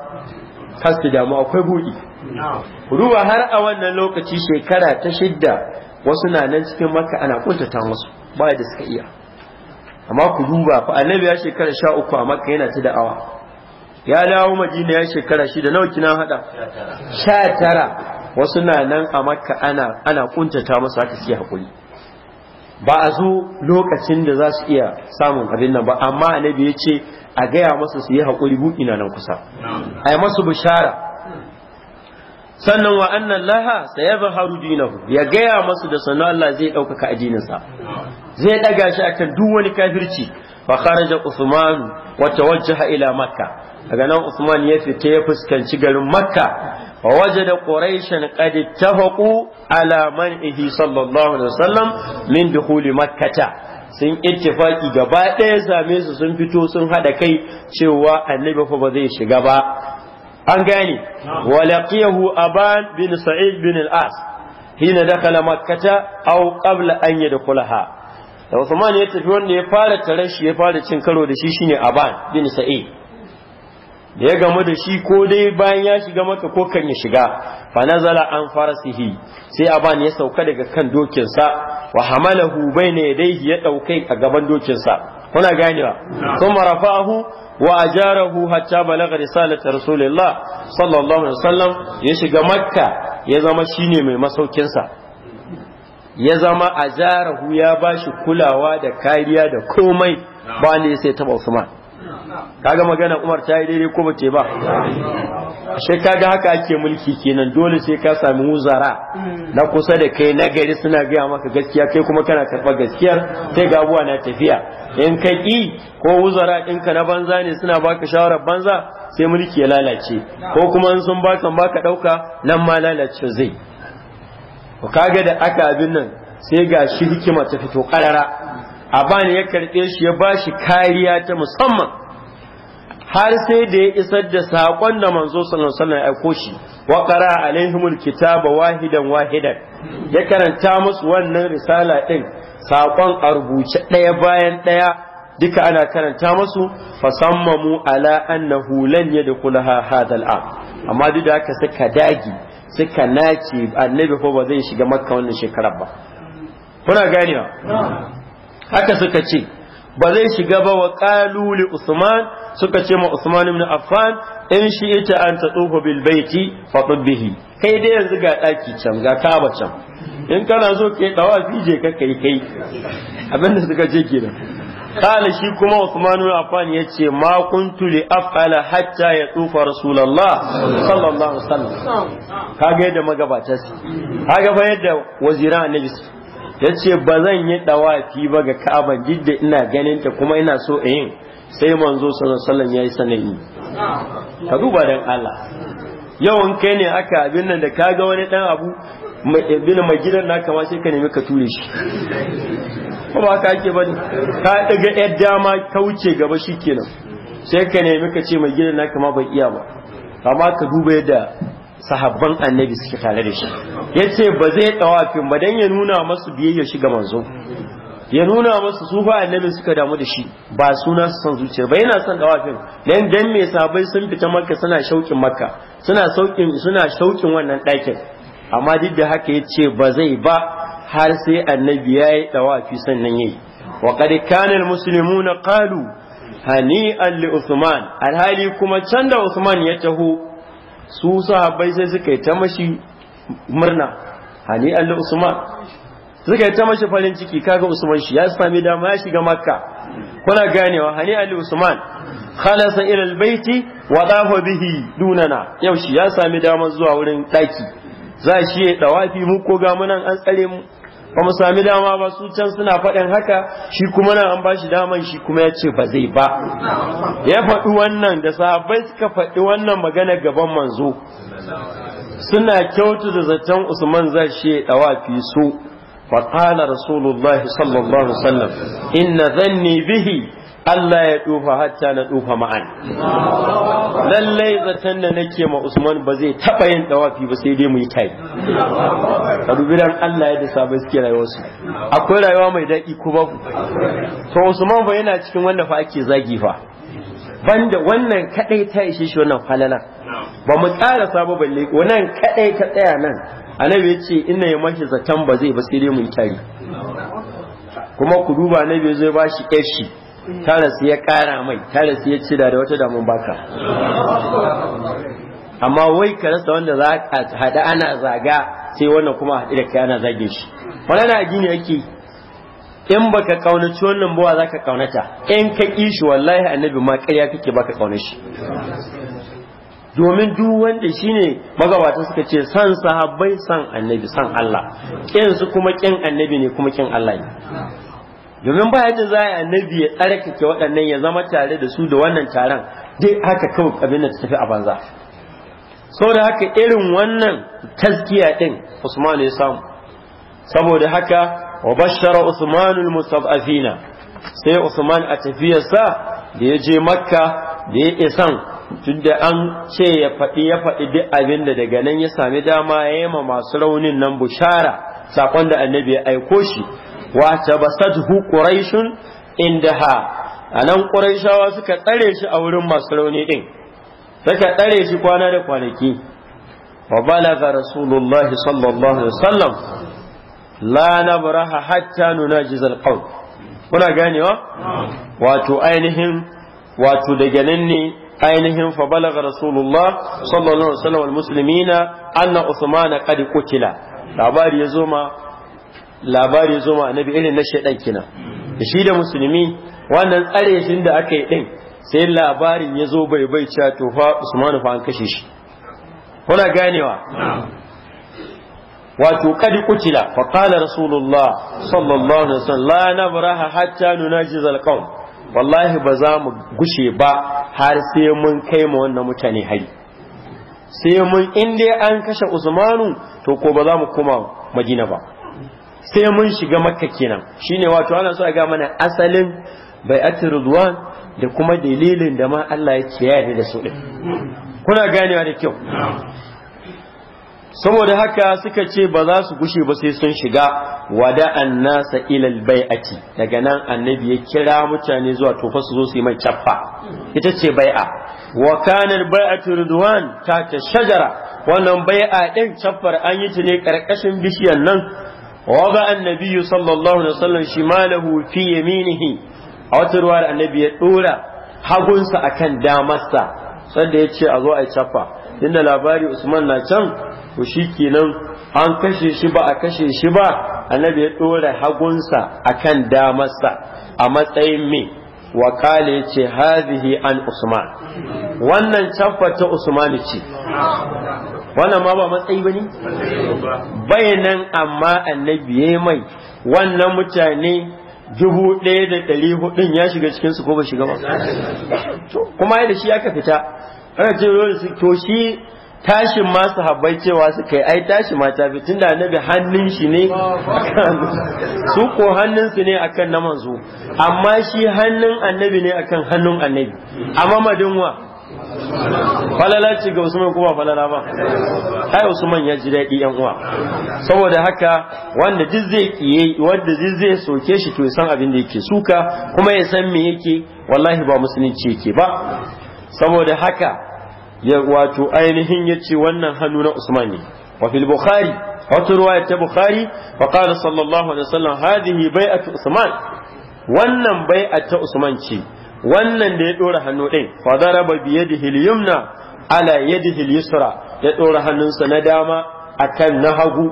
kasu damu akwai buɗi ruwa har a wannan lokaci shekara ta shidda wasu na nan cikin makka ana kuntata musu ba da suka iya amma ku duba fa annabi ya shekara sha uku a makka yana ta da'awa ya dawo madina ya shekara shida nawa kina hada sha tara wasu na nan a makka ana ana kuntata musu haka suke hakuri ba a zo lokacin da za su iya samun abin nan ba amma annabi ya ce a gaya masu su yi hakuri buki na nan kusa a yi masu bishara sannan wa annan laha sai ya zaharu dinahu ya gaya masu da sanu Allah zai ɗaukaka addininsa zai ɗaga shi akan duk wani kafirci fa kharaja Usman wa tawajjaha ila Makka daga nan Usman ya fita ya fuskanci garin Makka ووجد قريشا قد اتفقوا على منعه صلى الله عليه وسلم من دخول مكة sun ittifaki gaba ɗaya same su sun fito sun haɗa kai cewa annabi fa ba zai shiga ba an gane walaqiyahu aban bin sa'id bin al-as hina dakala makkata aw qabla an yadkhulaha da Usman ya tafi wanda ya fara tare shi ya fara cin karo da shi shine aban bin sa'id da ya gamu da shi ko dai bayan ya shiga maka ko kan ya shiga fa nazala an farasihi sai aban ya sauka daga kan dokinsa wa hamalahu bayna yadayhi ya daukai a gaban dokinsa kuna ba. sun rafa'ahu wa ajarahu hatta balagha risalata rasulillah sallallahu alaihi wasallam ya shiga makka ya zama shine mai masaukinsa ya zama ajarahu ya bashi kulawa da kariya da komai ba ne sai ta Usman kaga magana Umar ta yi daidai ko yi ba sai kaga haka ake mulki kenan dole sai ka sami wuzara na kusa da kai na gari suna gaya maka gaskiya kai kuma kana karɓar gaskiyar sai ga abuwa na tafiya in ka ƙi ko wuzara in ka na banza ne suna baka shawarar banza sai mulki ya lalace ko kuma in sun baka baka ɗauka nan ma lalace zai Ko kaga da aka abin nan sai ga shi hikima ta fito ƙarara a bani ya karɓe shi ya bashi kariya ta musamman har sai da ya isar da saƙon da manzo sallallahu alaihi wasallam ya aiko shi wa qara alaihimul kitaba wahidan wahidan ya karanta musu wannan risala din saƙon a rubuce ɗaya bayan ɗaya duka ana karanta musu fasammamu ala annahu lan yadkhulaha hadal am amma duk da haka suka dagi suka nace annabi ko ba zai shiga makka wannan shekarar ba kuna ganewa haka suka ce ba zai shiga ba wa li usman suka ce ma usman ibn affan in shi ita an ta tsufa bil baiti fa tubbihi kai dai yanzu ga daki can ga kaba can in kana so kai dawafi je ka kai kai Abin da suka ce kenan قال shi kuma عثمان بن عفان يتي ما كنت لافعل حتى يطوف رسول الله صلى الله عليه وسلم yadda magabata su kaga fa yadda waziran annabi ya ce ba zan yi dawafi ba ga ka'aba duk da ina ganin ta kuma ina so yin sai manzo sallallahu ya yi sanani ka duba dan Allah yawan kai ne aka abin nan da ka ga wani dan abu bin mai gidan na kama sai ka nemi ka ture shi ko ba ka ake bane ka daga yar dama kauce gaba shikenan sai ka nemi ka ce mai gidan na kama bai iya ba amma ka duba yadda sahabban annabi suke tare da shi ya ce ba zai tawafin ba don ya nuna masu biyayya shi ga manzo ya nuna masu su annabi suka damu da shi ba suna su san zuciya ba yana son ɗawafin dan dan me sabai sun fita makka suna shaukin makka suna saukin suna shaukin wannan ɗakin amma duk da haka ya ce ba zai ba har sai annabi ya yi ɗawafi sannan ya yi wa qad kana muslimuna qalu hani'an li usman alhali kuma can da usman ya taho su sahabbai sai suka yi ta mashi murna hani alli usman suka yi ta mashi farin ciki kaga usman shi ya sami dama ya shiga makka kuna ganewa hani Ali usman khalasa ila albayti wa dafa bihi dunana yau shi ya sami dama zuwa wurin daki za shi ya dawafi mu ko ga munan an tsare mu ba mu sami dama ba su can suna faɗin haka shi kuma nan an ba shi daman shi kuma ya ce ba zai ba ya faɗi wannan da sahabbai suka faɗi wannan magana gaban manzo suna kyautu da zaton usman zai shi dawa fi su فقال رسول الله صلى الله inna وسلم bihi. Allah ya tsufa hatta na tsufa ma'an lallai zaton da nake ma Usman ba zai taba yin dawafi ba sai dai mu yi kai ka dubi dan Allah ya dasa ba suke rayuwarsu akwai rayuwa mai daɗi ko babu to Usman ba yana cikin wanda fa ake zagi fa banda wannan kadai ta ishe shi wannan falala. ba mu tsara sabo balle wannan kadai ka tsaya nan annabi ya ce ina ya mashi zaton ba zai ba sai dai mu yi kai kuma ku duba na annabi zai ba shi taras ya kara mai taras ya cida da wata damun baka amma wai ka rasa wanda za ka haɗa ana zaga sai wannan kuma haɗu da kai ana zage shi wani na gini yake in baka kaunaci wannan bawa za ka kaunata in ka kishi wallahi annabi ma ƙarya kake baka kauna shi domin duk wanda shine magabata suka ce san sahabbai san annabi san Allah kin su kuma kin annabi ne kuma kin Allah ne domin ba yadda za a annabi ya tsarkake waɗannan ya zama tare da su da wannan taron dai haka kawai da ta tafi a banza saboda haka irin wannan taskiya ɗin Usman ya samu saboda haka wa bashara Usmanul mustad'afina sai Usman a tafiyarsa da ya je Makka da ya isan tunda an ce ya faɗi ya faɗi duk abin da daga nan ya sami dama ya yi ma masu raunin nan bushara saƙon da annabi ya aiko shi wa tabasathu quraishun indaha anan quraishawa suka tsare shi a wurin masu rauni din suka tsare shi kwana da kwanaki wa balaga rasulullahi sallallahu alaihi wasallam la nabraha hatta nunajiz alqawl kuna ganewa wato ainihin wato daga nan ne ainihin fa balaga rasulullah sallallahu alaihi wasallam almuslimina anna usmana qad qutila labari ya zo ma labari zo ma annabi irin na shaidan kina shi da musulmi wannan tsare shi da aka yi din sai labarin ya zo bai bai cewa to fa Usmanu fa an kashe shi kuna ganewa wato kadi kutila fa qala rasulullah sallallahu alaihi wasallam la nabraha hatta nunajiz alqawm wallahi ba za mu gushe ba har sai mun kai mu wannan mutane hari sai mun in dai an kashe Usmanu to ko ba za mu koma Madina ba sai mun shiga makka kenan shine wato ana so a ga mana asalin bai'atul ridwan da kuma dalilin da ma Allah ya kiyaye da su din kuna ganewa da kyau saboda haka suka ce ba za su gushe ba sai sun shiga wada an nasa ilal bai'ati daga nan annabi ya kira mutane zuwa tofa su zo su yi mai caffa ita ce bai'a wa kanar bai'atu ridwan ta ta shajara wannan bai'a din caffar an yi ta ne karkashin bishiyar nan وضع النبي صلى الله عليه وسلم شماله في يمينه أو تروى النبي الأولى hagunsa kan damarsa sanda ya ce a zo a cafa inda labari usman na can ku shi kenan an kashe shi ba a kashe shi ba annabi ya ɗora hagunsa akan damarsa a matsayin me wa kale ce hazihi an usman wannan tabbata ta ce wannan ma ba matsayi bane bayanan amma annabi yayi mai wannan mutane dubu ɗaya da hudun ya shiga cikin su ko ba shiga ba kuma yadda shi aka fita aka ce to shi tashin ma sahabbai cewa su kai ai tashi ma tafi tun da annabi hannun shi ne su ko hannun su ne akan na manzo amma shi hannun annabi ne akan hannun annabi amma madinwa falala ce ga usman kuma falala ba ai usman ya ji daɗi yan uwa saboda haka wanda duk zai kiye wanda duk zai soke shi to san abin da yake suka kuma ya san me yake wallahi ba musulunci yake ba saboda haka ya wato ainihin yace wannan hannu na Usman ne wa fil Bukhari wata ruwaya ta Bukhari wa qala sallallahu alaihi wasallam hadhihi bai'atu Usman wannan bai'a ta Usman ce wannan da ya dora hannu din fa daraba bi yadihi al-yumna ala yadihi al-yusra ya dora hannunsa na dama akan na hagu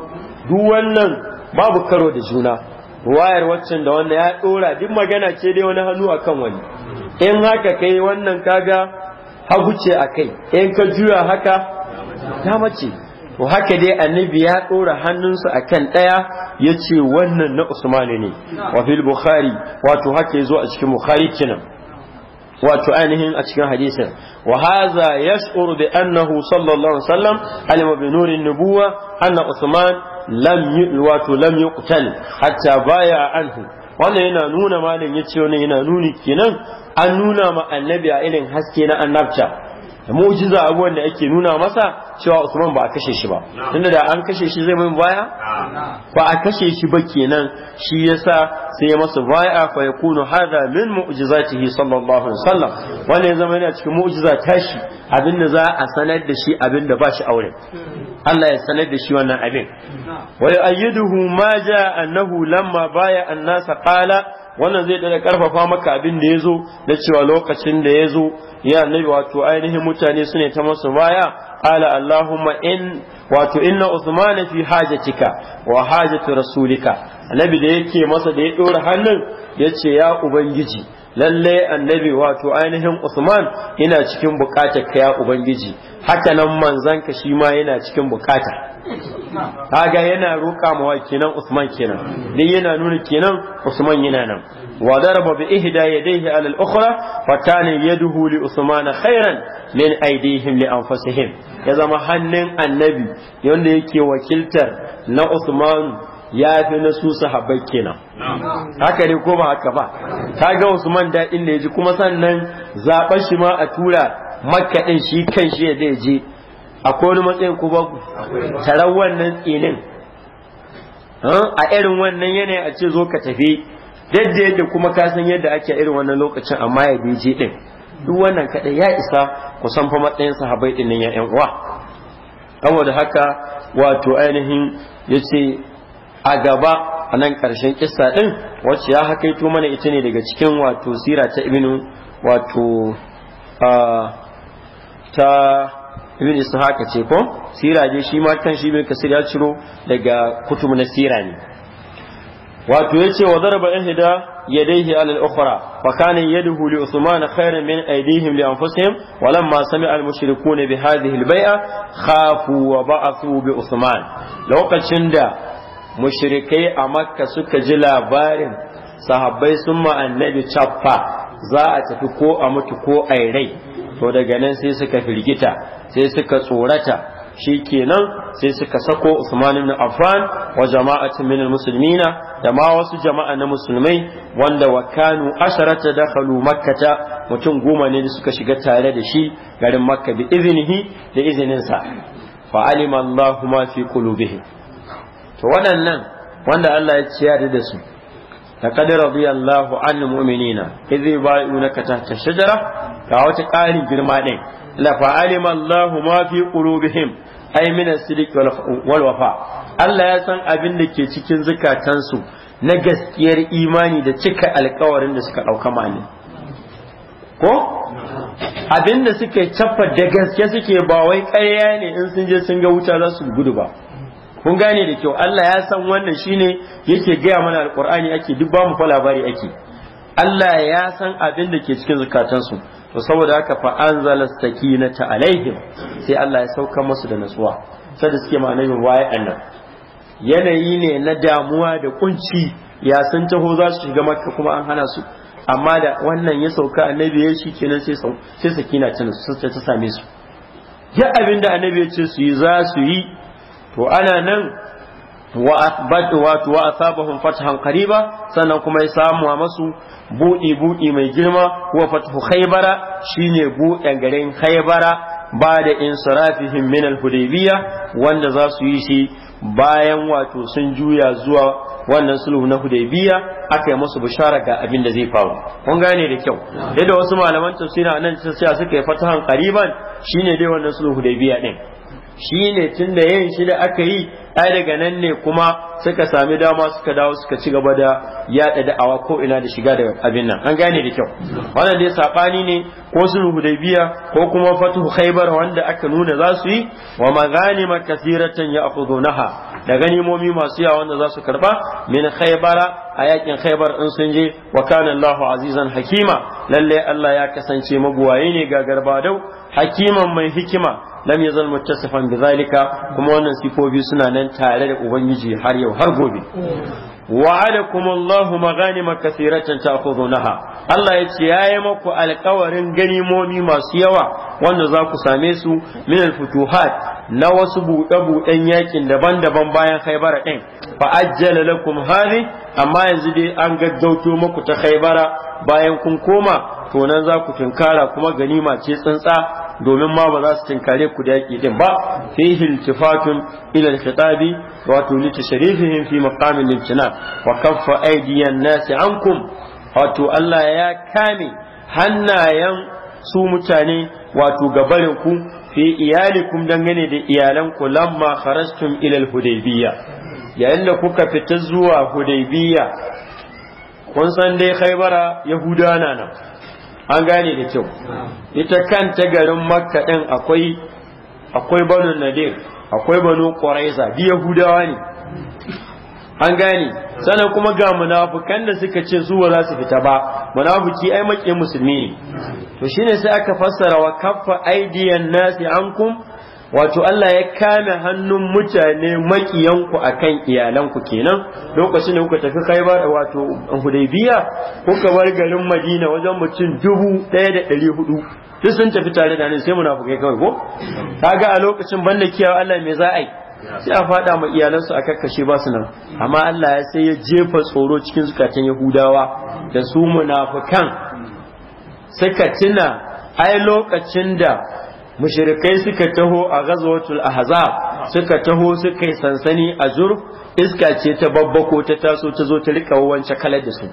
duk wannan babu karo da juna Ruwayar waccan da wannan ya dora duk magana ce dai wani hannu akan wani in haka kai wannan kaga hagu ce a kai in ka juya haka ta mace to haka dai annabi ya ɗora hannunsa a kan ɗaya ya ce wannan na Usman ne wa fil bukhari wato haka ya zo a cikin bukhari kinan wato ainihin a cikin hadisin wa haza yash'uru bi annahu sallallahu alaihi wasallam alima bi nurin nubuwa anna usman lam wato lam yuqtal hatta baya anhu wannan yana nuna malam yace wani yana nuni kenan an nuna ma annabi a irin haske na annabta Da mu'jiza abubuwan da ake nuna masa cewa Usman ba a kashe shi ba tunda da an kashe shi zai mai baya ba a kashe shi ba kenan shi yasa sai ya masa baya fa yakunu hadha min mu'jizatihi sallallahu alaihi wasallam Wannan ya zama yana cikin mu'jiza tashi abinda za a sanar da shi abinda ba shi aure Allah ya sanar da shi wannan abin wa ayyiduhu ma ja annahu lamma baya annasa qala wannan zai dada karfafa maka abin da ya zo na cewa lokacin da ya zo ya annabi wato ainihin mutane su ne ta masu baya ala allahumma in wato inna usman fi hajatika wa hajatu rasulika annabi da yake masa da ya dora hannun yace ya ubangiji lalle annabi wato ainihin Usman ina cikin bukatar ka ya ubangiji haka nan manzon shi ma yana cikin bukata kaga yana roƙa mawa kenan Usman kenan dai yana nuna kenan Usman yana nan wa daraba bi ihda yadayhi ala al-ukhra fa kana yaduhu li Usman khairan min aydihim li anfusihim ya zama hannun annabi wanda yake wakiltar na Usman ya fi na su sahabbai kenan haka ne ko ba haka ba Ta ga Usman daɗin da ya ji kuma sannan zaɓar shi ma a tura makaɗin ɗin shi kan shi ya zai je a wani matsayin ku ba tarar wannan tsinin a irin wannan yanayi a ce zo ka tafi yadda yadda kuma ka san yadda ake irin wannan lokacin amma ya bi je ɗin duk wannan kaɗai ya isa ku san fa matsayin sahabbai ɗin ya ƴan uwa saboda haka wato ainihin yace a gaba a nan ƙarshen kissa ɗin wacce ya hakaito mana ita ne daga cikin wato sira ta ibnu wato ta haka ce ko sira je shi ma kan shi bin kasir ya ciro daga kutum na sira ne wato ce wa daraba ihda yadayhi ala al-ukhra fa kana yaduhu li usman khayran min aydihim li anfusihim wa lamma sami'a al-mushrikuuna bi hadhihi al-bay'a khafu wa ba'athu bi usman lokacin da mushrikai a makka suka ji labarin sahabbai sun annabi cappa za a tafi ko a mutu ko a rai to daga nan sai suka firgita sai suka tsorata shi kenan sai suka sako Usman ibn Affan wa jama'atin min muslimina da ma wasu jama'a na musulmai wanda wa kanu asharata dakhalu makkata mutum goma ne da suka shiga tare da shi garin makka bi iznihi da izininsa sa fa alima Allahu ma fi qulubihim to waɗannan wanda Allah ya ciyar da su laqad radiyallahu na, mu'minina idh yubayyi'unaka tahta shajara ka wata ƙarin girma din la fa'alima Allahu ma fi qulubihim ay min as-sidq wal wafa Allah ya san abin da ke cikin zukatansu na gaskiyar imani da cika alkawarin da suka ɗauka mani ko abinda suke caffa da gaske suke ba wai ƙarya ne in sun je sun ga wuta za su gudu ba kun gane da kyau Allah ya san wannan shine yake gaya mana alqur'ani ake duk ba mu fa labari ake Allah ya san abin da ke cikin zukatansu to saboda haka fa anzala sakinata alaihim sai Allah ya sauka musu da nasuwa sai da suke malamin waye annan yanayi ne na damuwa da kunci ya san taho za su shiga maka kuma an hana su amma da wannan ya sauka annabi ya shi kenan sai sai sakina ta ta same su ya abin da annabi ya ce su yi za su yi to ana nan wa wato wa asabahum fathan qariba sannan kuma ya samu a masu buɗi buɗi mai girma wa fathu khaybara shine buɗe garin khaybara ba da insirafihim min al-hudaybiyya wanda za su yi shi bayan wato sun juya zuwa wannan sulhu na hudaybiyya aka yi musu bishara ga abin da zai faru kun gane da kyau yadda wasu malaman tafsira nan sai suka yi fatahan qariban shine dai wannan sulhu hudaybiyya din shi ne tun da yin shi da aka yi ai daga nan ne kuma suka sami dama suka dawo suka ci gaba da yaɗa da'awa ko ina da shiga da abin nan an gane da kyau wannan dai sabani ne ko sulhu hudaybiya ko kuma fatuhu khaybar wanda aka nuna za su yi wa maganima kathiratan ya'khudunaha da ganimomi masu yawa wanda za su karba min khaybara a yakin khaybar in sun je wa kana Allahu azizan hakima lalle Allah ya kasance mabuwaye ne ga garbadau hakiman mai hikima lam yazal muttasifan bizalika kuma wannan sifofi suna nan tare da ubangiji har yau har gobe wa'adakum Allahu maghanima kathiratan ta'khudunaha Allah ya ce yayi maku alƙawarin ganimomi masu yawa wanda za ku same su min al-futuhat na wasu buɗe-buɗen yakin daban-daban bayan haibara ɗin fa ajjala lakum hadhi amma yanzu dai an gaggauto muku ta haibara bayan kun koma to nan za ku tinkara kuma ganima ce tsantsa domin ma ba za su tinkare ku da yaƙi din ba fihi iltifatun ila alkhitabi wato litashrifihim fi maqamin limtina wa kaffa aydiyan nasi ankum wato Allah ya kame hannayen su mutane wato gabarin ku fi iyalikum dangane da iyalanku lamma kharastum ila alhudaybiyya yayin da kuka fita zuwa hudaybiyya kun san dai khaybara yahudana nan an gane da kyau ita kanta garin makka ɗin akwai akwai banu nadir akwai banu ƙwaraiza bi yahudawa ne an gane sannan kuma ga munafukan da suka ce su ba za su fita ba munafuki ai maƙin musulmi ne to shine sai aka fassara wa kaffa aidiyan nasi ankum wato Allah ya kame hannun mutane makiyanku a kan iyalanku kenan lokacin da kuka tafi Khaibar wato Hudaybiya kuka bar garin Madina wajen mutum dubu ɗaya da ɗari hudu duk sun tafi tare da ni sai munafukai kawai ko kaga a lokacin banda kiyawa Allah me za a yi sai a fada ma iyalansu a kakkashe ba su nan amma Allah ya sai ya jefa tsoro cikin zukatan Yahudawa da su munafukan suka tuna ai lokacin da Mushirikai suka taho a gazawatul ahzab suka taho suka yi sansani a zurf iska ce ta babbako ta taso ta zo ta rika wance kalar da su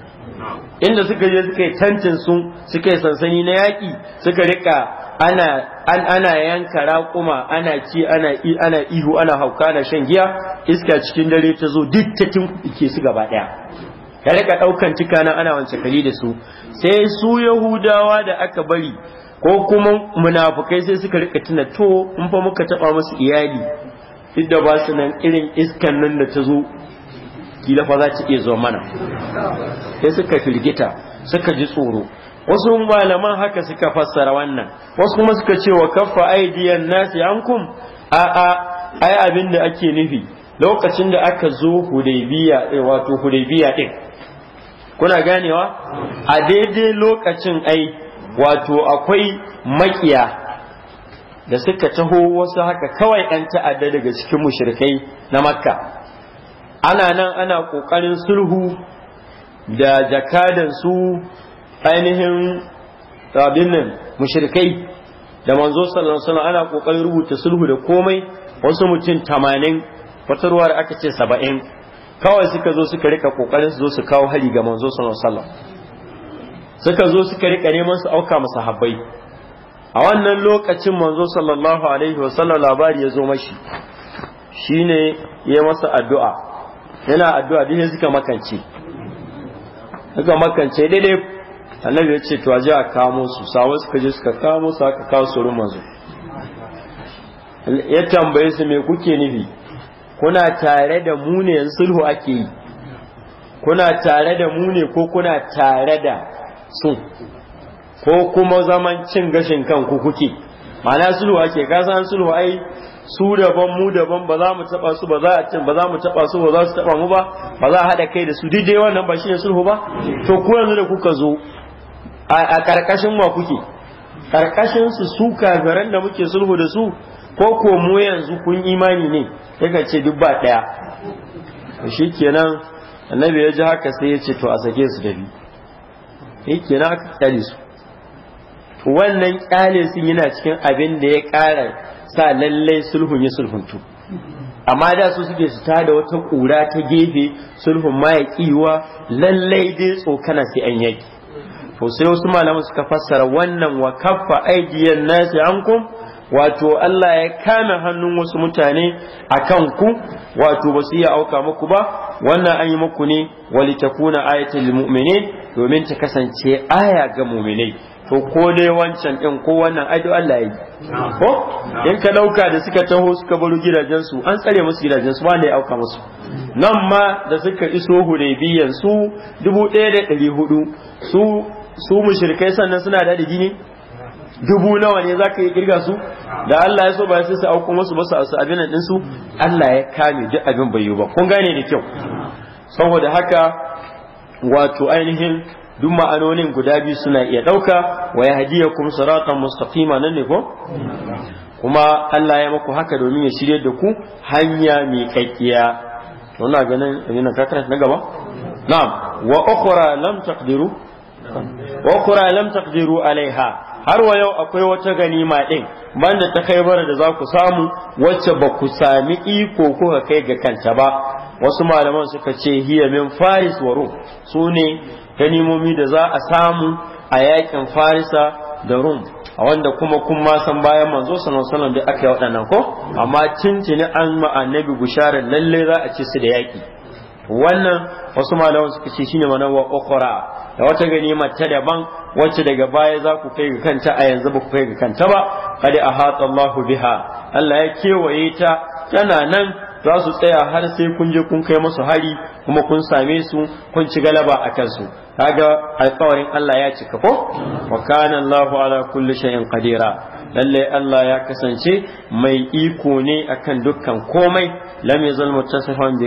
inda suka je suka yi tantin su suka yi sansani na yaƙi suka rika ana an ana yanka raƙuma ana ci ana i ana ihu ana hauka ana shan giya iska cikin dare ta zo duk ta ke su gaba ɗaya Ka rika ɗaukan cikana ana wance kali da su sai su yahudawa da aka bari ko kuma munafukai sai suka rika tuna to in fa muka taba musu iyali duk da ba su nan irin iskan nan da ta zo kila fa za ta iya zo mana sai suka firgita suka ji tsoro wasu malaman haka suka fassara wannan wasu kuma suka ce wa kaffa aidiyan nasi ankum a a ai abin da ake nufi lokacin da aka zo hudaybiya eh, wato hudaybiya din kuna ganewa a daidai lokacin ai wato akwai makiya da suka taho wasu haka kawai 'yan ta'adda daga cikin mushrikai na makka ana nan ana ƙoƙarin sulhu da jakadan su ainihin rabin nan mushrikai da manzo sallallahu alaihi ana ƙoƙarin rubuta sulhu da komai wasu mutum tamanin wata da aka ce saba'in kawai suka zo suka rika ƙoƙarin su zo su kawo hari ga manzo sallallahu alaihi suka zo suka riƙa neman su auka masa habbai a wannan lokacin manzo sallallahu alaihi wa sallam labari ya zo mashi shine ya masa addu'a yana addu'a duk suka makance suka makance daidai annabi ya ce to aje a kamo su sawo suka je suka kamo su aka kawo su manzo ya tambaye su me kuke nufi kuna tare da mu ne yanzu sulhu ake yi kuna tare da mu ne ko kuna tare da so ko kuma zaman cin gashin kanku kuke ma'ana sulhu ake ka san sulhu ai su daban mu daban ba za mu taba su ba za a cin ba za mu taba su ba za su taba mu ba ba za a hada kai da su duk dai wannan ba shine sulhu ba to ku yanzu da kuka zo a karkashin wa kuke karkashin su su kafiran da muke sulhu da su ko ko mu yanzu kun imani ne yaka ce duk ba daya shikenan annabi ya ji haka sai ya ce to a sake su da biyu yake na aka kyale su wannan kyale sun yana cikin abin da ya ƙara sa lallai sulhun ya sulhuntu amma da su suke su tada wata ƙura ta gefe sulhun ma ya kiwa lallai dai tsokana sai an yaki to wasu malamu suka fassara wannan wa kaffa aidiyan nasi ankum wato Allah ya kame hannun wasu mutane a kanku wato ba su iya auka muku ba wannan an yi muku ne wali takuna ayatul mu'minin domin ta kasance aya ga mu'minai to ko dai wancan din ko wannan ai Allah yi ko in ka dauka da suka taho suka baro gidajen su an tsare musu gidajen su wanda ya auka musu nan ma da suka iso hudaybiyan su 1400 su su mushrikai sannan suna da ne dubu nawa ne zaka yi kirga su da Allah ya so ba sai su auku musu ba su abin nan su Allah ya kame duk abin bai yi ba kun gane da kyau saboda haka wato ainihin duk ma'anonin guda biyu suna iya ɗauka wa ya hadiya kuma siratan mustaqima nan ne ko kuma Allah ya muku haka domin ya shirye da ku hanya mai kakkiya wannan ganin ina kakar na gaba na'am wa ukhra lam taqdiru wa ukhra lam taqdiru alaiha har wa yau akwai wata ganima ɗin banda ta kai bara da za ku samu wacce ba ku sami iko kuka kai ga kanta ba wasu malaman suka ce hiya min faris wa rum su ne ganimomi da za a samu a yakin farisa da rum a wanda kuma kun ma san bayan manzo sanan da aka yi waɗannan ko amma cincini an ma annabi bisharar lalle za a ci su da yaki wannan wasu malaman suka ce shine manawa wa ukhra da wata gani ta daban wacce daga baya za ku kai ga kanta a yanzu ba ku kai ga kanta ba a ahata Allahu biha Allah ya kewaye ta tana nan za su tsaya har sai kun je kun kai masu hari kuma kun same su kun ci galaba a kansu kaga alƙawarin Allah ya cika ko wa kana Allahu ala kulli shay'in qadira lalle Allah ya kasance mai iko ne akan dukkan komai lam yazal muttasifan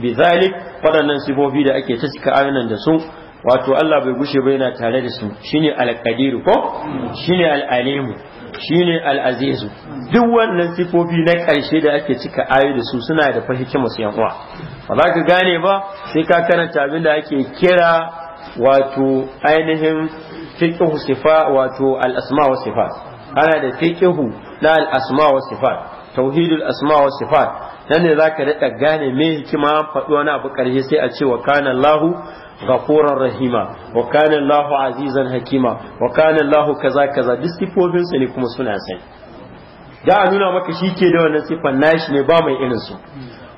bi zalik wadannan sifofi da ake ta cika da su wato Allah bai gushe ba yana tare da su shine al-qadir ko shine al shine al duk wannan sifofi na ƙarshe da ake cika ayoyi da su suna da fahimci su yan uwa ba za ka gane ba sai ka karanta abin da ake kira wato ainihin fiqhu sifa wato al wa sifat ana da fiqhu na al-asma wa sifat tauhidul asma wa sifat nan ne zaka daɗa gane me hikima faɗi wani abu ƙarshe sai a ce wa kana Allahu ghafurar rahima wa kana azizan hakima wa kana Allahu kaza kaza duk sifofin ne kuma suna sani da a nuna maka shi ke da wannan sifan nashi ne ba mai irin su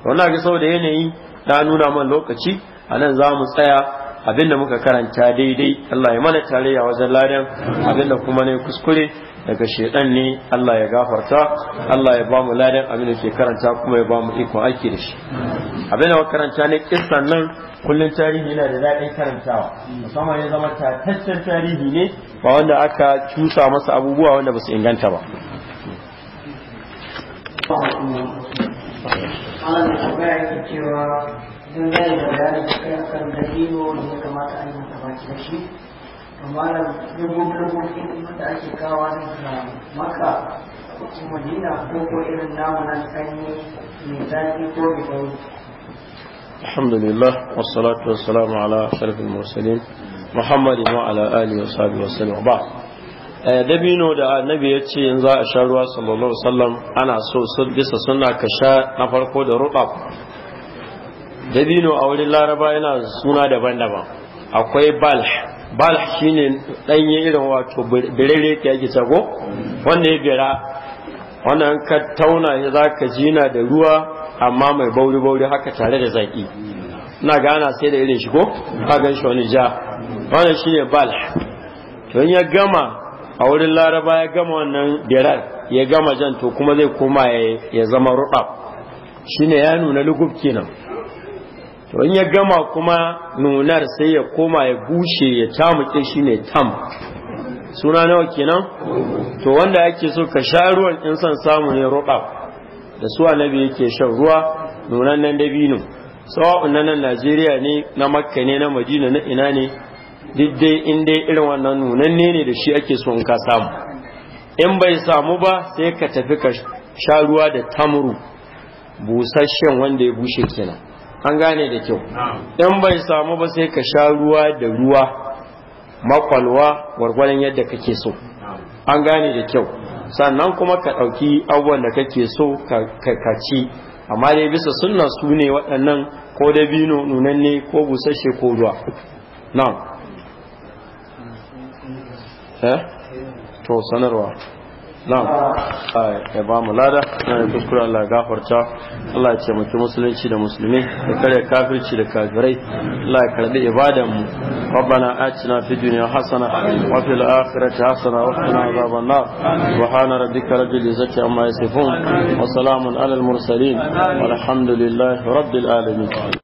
wannan ga saboda yanayi da nuna man lokaci a nan za mu tsaya abinda muka karanta daidai Allah ya mana tarayya wajen ladan abinda kuma ne kuskure daga shedan ne Allah ya gafarta Allah ya bamu ladan abinda ke karanta kuma ya bamu iko aiki da shi abinda muka karanta ne kissan nan kullun tarihi yana da daɗin karantawa musamman ya zama tataccen tarihi ne ba wanda aka cusa masa abubuwa wanda ba su inganta ba Allah ya cewa idan da da kai da da shi da ake kawo maka ko irin sanyi mai zafi ko الحمد لله والصلاة والسلام على أشرف المرسلين محمد وعلى آله وصحبه وسلم وبعد dabino da annabi ya ce in za a sha ruwa sallallahu alaihi wasallam ana so sun bisa suna ka sha na farko da rubab dabino a wurin laraba yana suna daban-daban akwai balh balh shine ɗanye irin wato birere ke yake sago wanda ya bira wannan ka tauna ya za ka jina da ruwa amma mai bauri-bauri haka tare da zaƙi na gana sai da irin shi ko ka gan shi wani ja wannan shine balh to ya gama a wurin laraba ya gama wannan birar ya gama jan to kuma zai koma ya zama ruɗa shine ya nuna lugub kenan to in ya gama kuma nunar sai ya koma ya bushe ya tamuke shi ne tam suna nawa kenan to wanda ake so ka sha ruwan in son samu ne roba da su annabi yake shan ruwa nunan nan dabino sawa'un na nan Najeriya ne na Makka ne na Madina na ina ne duk dai in dai irin wannan nunanne ne da shi ake so in ka samu in bai samu ba sai ka tafi ka sha ruwa da tamru busasshen wanda ya bushe kenan an gane da kyau in bai samu ba sai ka sha ruwa da ruwa makwalwa gwargwadon yadda kake so an gane da kyau sannan kuma ka ɗauki abubuwan da kake so ka ci amma dai bisa sunna su ne waɗannan ko dabino nunanne ko busasshe ko ruwa nan eh? to sanarwa Na'am. Ai, ba mu lada, na da kuskuren Allah gafarta, Allah ya ce maki musulunci da musulmi, ya kare kafirci da kafirai, Allah ya karbi ibadan mu. Rabbana atina fi dunya hasana wa fil akhirati hasana na qina adhaban nar. Subhana rabbika rabbil izzati amma yasifun. Wa salamun alal mursalin. Walhamdulillahi rabbil alamin.